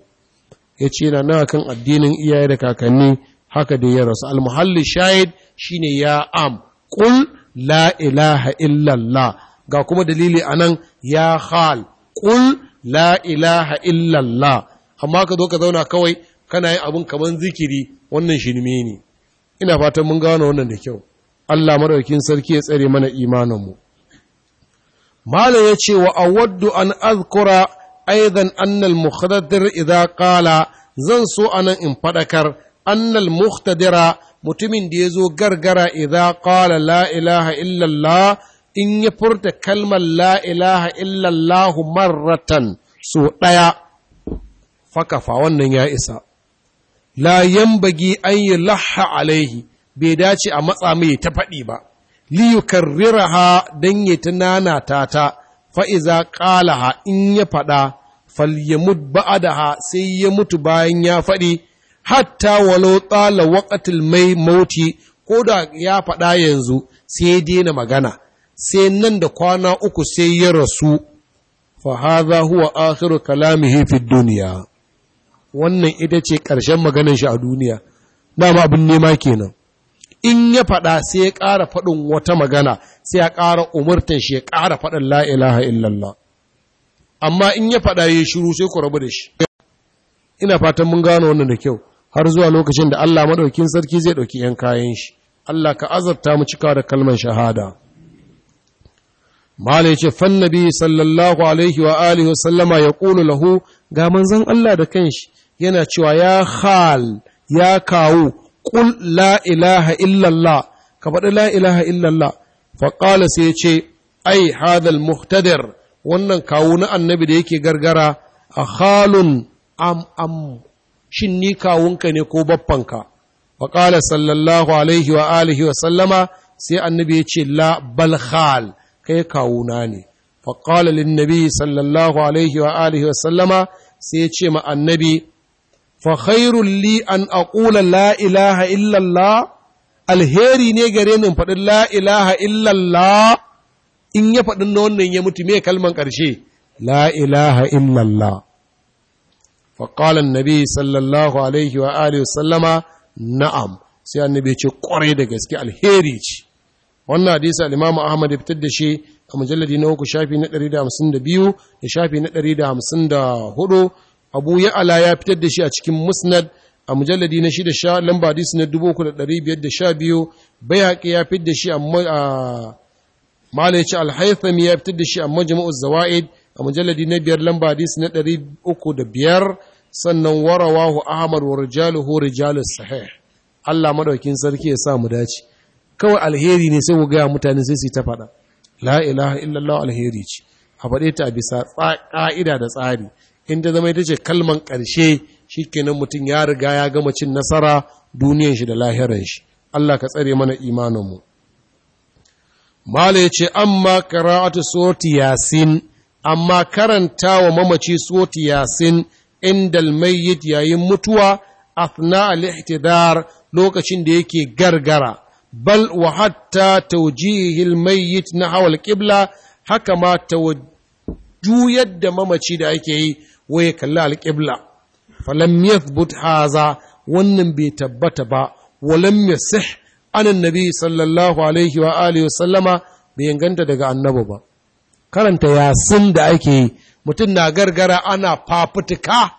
A: ya ce na kan addinin iyaye da kakanni haka dai ya rasu almuhalli shahid shine ya am qul la ilaha illallah ga kuma dalili anan ya hal ƙul la ilaha illallah amma ka zo ka zauna kawai kana yi abun kamar zikiri wannan shi ne ina fatan mun gano wannan da kyau Allah madaukakin sarki ya tsare mana imaninmu malam ya ce wa awaddu an azkura aidan annal mukhaddir idza qala zan so anan in fadakar annal muhtadira mutumin da ya zo gargara idan kala la ilaha illallah in ya furta kalmar la ilaha illallah marratan so ɗaya fakafa wannan ya isa la yambagi an yi laha alaihi bai dace a matsa mai ta faɗi ba li riraha dan ya tunana ta ta fa iza qalaha in ya faɗa falyamut ba'daha sai ya mutu bayan ya faɗi hatta walau tsala waƙatil mai mauti ko da ya faɗa yanzu sai ya daina magana sai nan da kwana uku sai ya rasu fa huwa akhiru kalamihi fid duniya wannan ita ce ƙarshen maganar shi a duniya dama abin nema kenan in ya faɗa sai ya ƙara faɗin wata magana sai ya ƙara umartar shi ya ƙara faɗin la ilaha illallah amma in ya faɗa ya shiru sai ku rabu da shi ina fatan mun gano wannan da kyau har zuwa lokacin da Allah maɗaukin sarki zai ɗauki yan kayan shi Allah ka azabta mu cika da kalmar shahada malai ce fannabi sallallahu alaihi wa alihi wa sallama ya qulu lahu ga manzan Allah da kanshi yana cewa ya hal ya kawo qul la ilaha illallah ka faɗi la ilaha illallah faƙala sai ya ce ai hadal muhtadar, wannan kawo na annabi da yake gargara a halun am am shin ni kawunka ne ko baffanka wa qala sallallahu alaihi wa alihi wa sallama sai annabi ya ce la bal khal kai kawuna ne fa qala lin nabi sallallahu alaihi wa alihi wa sallama sai ya ce ma annabi fa khairul li an aqula la ilaha illa allah alheri ne gare ni in faɗi la ilaha illallah in ya faɗi na wannan ya mutu me kalman ƙarshe la ilaha illallah فقال النبي صلى الله عليه وآله وسلم نعم sai annabi ce kwarai da gaske alheri ce wannan hadisi al-Imam Ahmad fitar da shi a mujalladi na uku shafi na 152 da shafi na 154 Abu Ya'la ya fitar da shi a cikin Musnad a mujalladi na shida sha lamba hadisi na 3512 Bayhaqi ya fitar da shi a Malaci Al-Haythami ya fitar da shi a Majmu'uz Zawaid a mujalladi na biyar lamba hadisi na 305 sannan warawahu ahmad wa rijaluhu rijalus sahih Allah madaukin sarki ya sa mu dace kawai alheri ne sai ku ga mutane sai su ta faɗa la ilaha illallah alheri ce a fade ta bisa ƙa'ida da tsari in ta zama ita ce kalman ƙarshe shikenan mutum ya riga ya gama cin nasara duniyan shi da lahiran shi Allah ka tsare mana imanin mu mala yace amma qira'atu surati yasin amma karanta wa mamaci surati yasin indal mayyit yayin mutuwa afna al-ihtidar lokacin da yake gargara bal wa hatta tawjihil mayyit na hawal qibla haka ma juyar da mamaci da ake yi wa ya kalli al-qibla falam yathbut haza wannan bai tabbata ba walam yasih anan nabi sallallahu alaihi wa alihi sallama bai ganta daga annabi ba karanta yasin da ake yi mutum na gargara ana fafutuka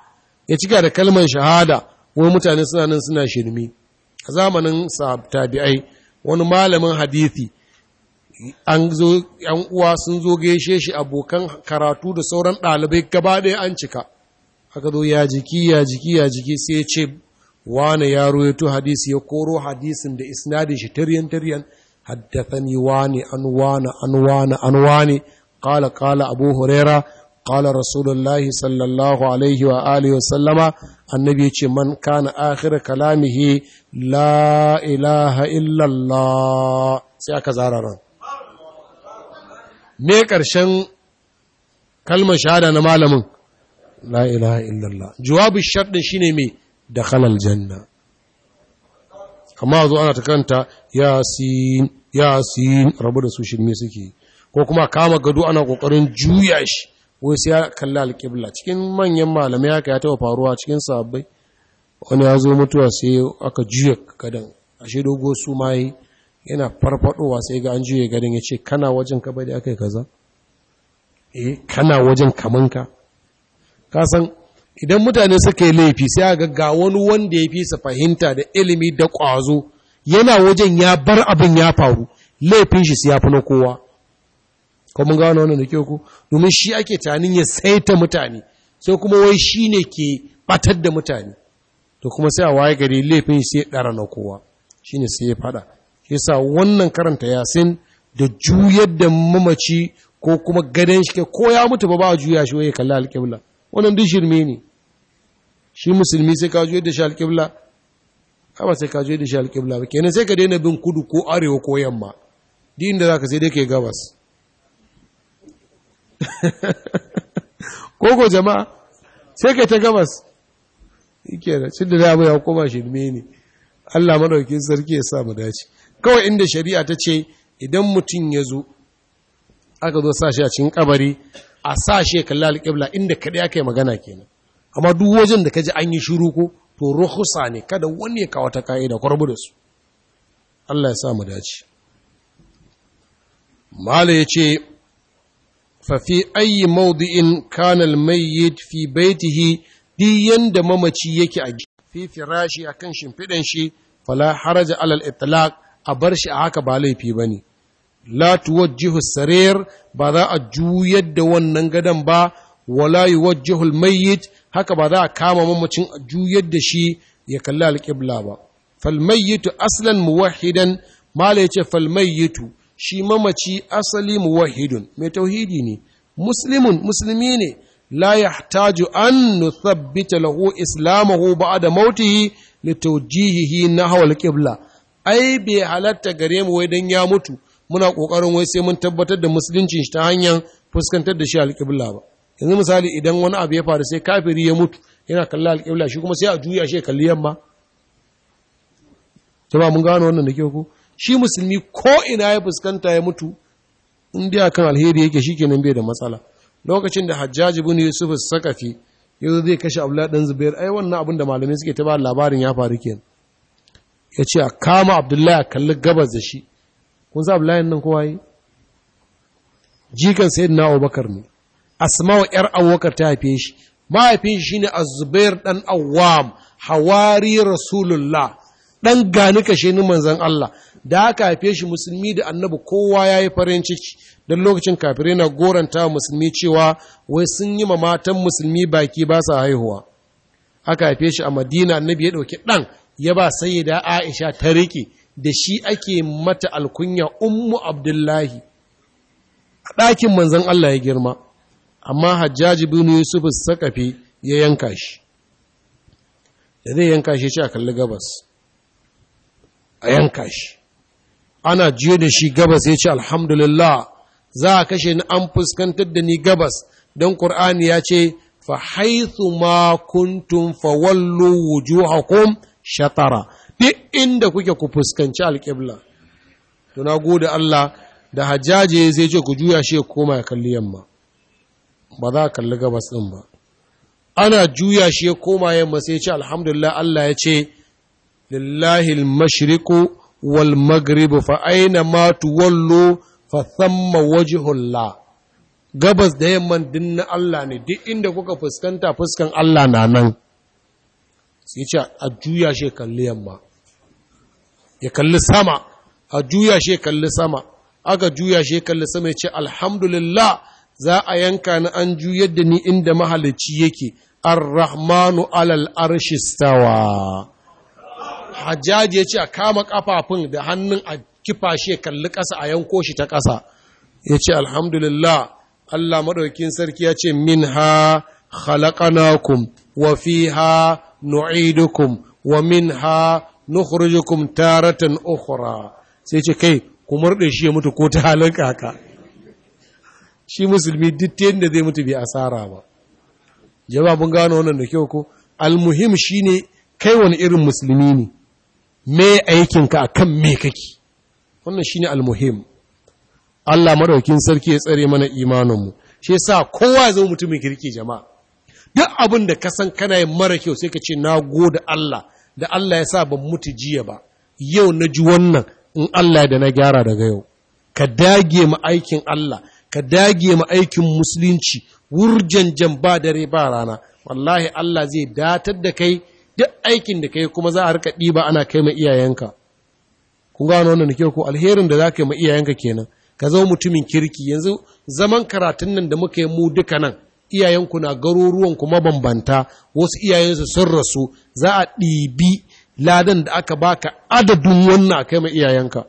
A: ya cika da kalmar shahada wai mutane suna nan suna shirmi a zamanin tabi'ai wani malamin hadithi an zo yan uwa sun zo gaishe shi abokan karatu da sauran ɗalibai gaba ɗaya an cika aka zo ya jiki ya jiki ya jiki sai ya ce wane ya royato hadisi ya koro hadisin da isnadin shi tiryan tiryan haddathani wani an wani an wani an wani qala qala abu huraira qala rasulullahi sallallahu alaihi wa alihi wasallama annabi yace man kana akhir kalamihi la ilaha illallah sai aka zara me karshen kalmar shahada na malamin la ilaha illallah jawabin sharɗin shine me dakhala aljanna zo ana ta kanta yasin yasin rabu da su shirme suke ko kuma kama gado ana kokarin juya shi wai sai ya kalli alƙibla cikin manyan malamai haka ya taɓa faruwa cikin sabbai wani ya zo mutuwa sai aka juya gadon ashe dogo su yi yana farfadowa sai ga an juya gadon ya ce kana wajen ka bai da aka yi kaza eh kana wajen kamanka ka kasan idan mutane suka yi laifi sai ga ga wani wanda ya fi su fahimta da ilimi da ƙwazo yana wajen ya bar abin ya faru laifin shi sai ya fi na kowa ko mun gano wannan da kyau ku domin shi ake tunanin ya saita mutane sai kuma wai shi ne ke batar da mutane to kuma sai a waye gari laifin sai ɗara na kowa shi ne sai ya faɗa shi sa wannan karanta yasin da juyar da mamaci ko kuma gadon shi ko ya mutu ba ba a juya shi waye kalla alƙibla wannan duk shirme ne shi musulmi sai ka juyar da shi alƙibla a sai ka juyar da shi alƙibla ba kenan sai ka daina bin kudu ko arewa ko yamma duk inda za ka sai dai ka gabas kogo jama'a sai kai ta gabas yake da cin da damu ya koma shirme ne Allah madaukin sarki ya sa mu dace kawai inda shari'a ta ce idan mutum ya zo aka zo sa shi a cikin kabari a sa shi ya kalli alƙibla inda kaɗai aka yi magana kenan amma duk wajen da ka ji an yi shiru ko to ruhusa ne kada wani ya kawo ta ka'ida kwarbu da su Allah ya sa mu dace Mala ya ce, fafi ayi maudi'in kanal mayyid fi baitihi di yanda mamaci yake a fi firashi akan shimfiɗan shi fala haraja alal itlaq a bar shi a haka ba laifi bane la tuwajjihu sarir ba za a juyar da wannan gadan ba wala yuwajjihu mayyid haka ba za a kama mamacin a juyar da shi ya kalli alƙibla ba falmayyitu aslan muwahidan mala yace falmayyitu shi mamaci asali muwahidun mai tauhidi ne muslimun musulmi ne la yahtaju an nuthabbita lahu islamahu ba'da mautihi litawjihihi nahwa al-qibla ai bai halatta gare mu wai dan ya mutu muna kokarin wai sai mun tabbatar da musulunci ta hanyar fuskantar da shi al-qibla ba yanzu misali idan wani abu ya faru sai kafiri ya mutu yana kalla al-qibla shi kuma sai a juya shi kalli yamma jama'a mun gano wannan da ke ku? shi musulmi ko ina ya fuskanta ya mutu in ya kan alheri yake shi ke nan bai da matsala lokacin da Hajjaji bin Yusuf Sakafi yanzu zai kashe Abdullah ɗan Zubair ai wannan abin da malamai suke ta ba labarin ya faru kenan ce a kama Abdullahi a kalli gabas da shi kun sa Abdullahi nan kowa yi jikan sayyidina Bakar ne Asma'u ‘yar Abubakar ta haife shi, mahaifin shi ne a Azubair ɗan Awam, hawari Rasulullah, ɗan gani kashe ni manzan Allah, da aka haife shi musulmi da annabi kowa ya yi farin ciki don lokacin kafirai na goranta musulmi cewa wai sun yi ma matan musulmi baki ba sa haihuwa aka haife shi a madina annabi ya ɗauki ɗan ya ba sai da aisha ta riƙe da shi ake mata alkunya ummu abdullahi a ɗakin manzon allah ya girma amma hajjaji bin yusuf sakafi ya yanka shi da zai yanka shi ce a kalli gabas a yanka shi ana jiyo da shi gabas ya ce alhamdulillah za a kashe ni an fuskantar da ni gabas don ƙur'ani ya ce fa haithu ma kuntum fa wallu wujuhakum shatara duk inda kuke ku fuskanci alƙibla to na gode Allah da hajjaje zai ce ku juya shi koma ya kalli yamma ba za a kalli gabas ɗin ba ana juya shi ya koma yamma sai ce alhamdulillah Allah ya ce lillahi al wal maghrib fa aina ma tuwallu fa thamma wajhullah gabas da yamman din na Allah ne duk inda kuka fuskanta fuskan Allah na nan sai ce a juya shi kalli yamma ya kalli sama a juya shi kalli sama aka juya shi kalli sama ya ce alhamdulillah za a yanka ni an juyar da ni inda mahalicci yake ar-rahmanu alal arshistawa hajjaji ya ce a kama kafafun da hannun a kifa shi kalli ƙasa a yanko shi ta ƙasa ya ce alhamdulillah Allah maɗaukin sarki ya ce min ha khalaqanakum wa ha nu'idukum wa ha nukhrijukum taratan ukhra sai ce kai ku murɗe shi ya mutu ko ta halin kaka shi musulmi dittin da zai mutu bai asara ba jama'a mun gano wannan da kyau ko shi ne, kai wani irin musulmi ne me aikinka a kan me kake wannan shine almuhim Allah madaukin sarki ya tsare mana imaninmu shi yasa kowa zai mutumin kirki jama'a duk abin da ka san kana yin mara kyau sai ka ce na goda Allah da Allah ya sa ban mutu jiya ba yau na ji wannan in Allah da na gyara daga yau ka dage mu aikin Allah ka dage ma aikin musulunci wurjanjan ba dare ba rana wallahi Allah zai datar da kai duk aikin da kai kuma za a rika ɗiba ana kai ma iyayenka kun gano wannan da ko alherin da za ka yi ma iyayenka kenan ka zama mutumin kirki yanzu zaman karatun nan da muka yi mu duka nan iyayenku na garuruwan kuma mabambanta wasu iyayensu sun rasu za a ɗibi ladan da aka baka adadin wannan a kai ma iyayenka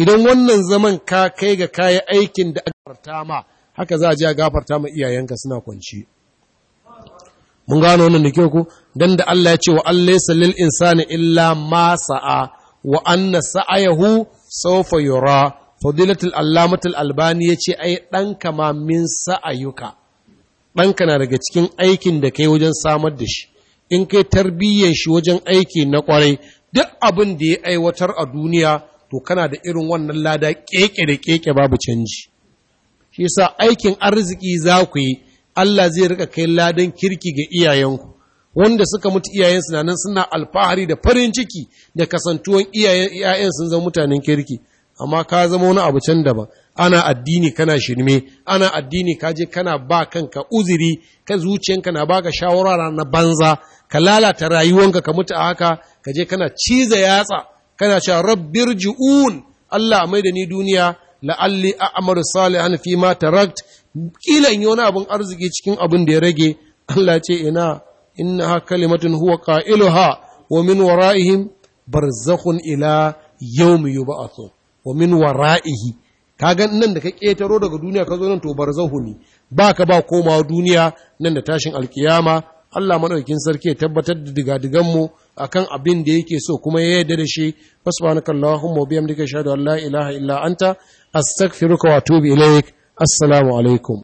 A: idan wannan zaman ka kai ga kayi aikin da aka farta ma haka za a je a gafarta ma iyayenka suna kwanci mun gano wannan da kyau ko dan da Allah ya ce wa allaysa lil insani illa ma sa'a wa anna sa'ayahu sawfa yura fadilatul allamatul albani ya ce ai dan kama min sa'ayuka ɗanka na daga cikin aikin da kai wajen samar da shi in kai tarbiyyar shi wajen aiki na kwarai duk abin da ya aiwatar a duniya to kana da irin wannan lada keke da keke babu canji shi sa aikin arziki za ku yi Allah zai rika kai ladan kirki ga iyayenku wanda suka mutu iyayensu na nan suna alfahari da farin ciki da kasantuwan iyayen sun zama mutanen kirki amma ka zama wani abu can daban ana addini kana shirme ana addini ka je kana ba kanka uzuri ka zuciyanka na baka shawara na banza ka lalata rayuwanka ka mutu a haka ka je kana ciza yatsa kana cewa rabbir Allah mai da ni duniya la'alli a'malu salihan fi ma tarakt kila yi wani abun arziki cikin abin da ya rage Allah ce ina إنها كلمة هو قائلها wa min برزخ إلى ila yawmi ومن wa kaga nan da ka ketaro daga duniya ka zo nan to barzahu ne baka ba komawa duniya nan da tashin alkiyama Allah madaukakin sarki ya tabbatar da digadigan mu akan abin da yake so kuma ya yarda da shi subhanakallahumma wa bihamdika ashhadu an la ilaha illa anta astaghfiruka wa atubu ilaik assalamu alaikum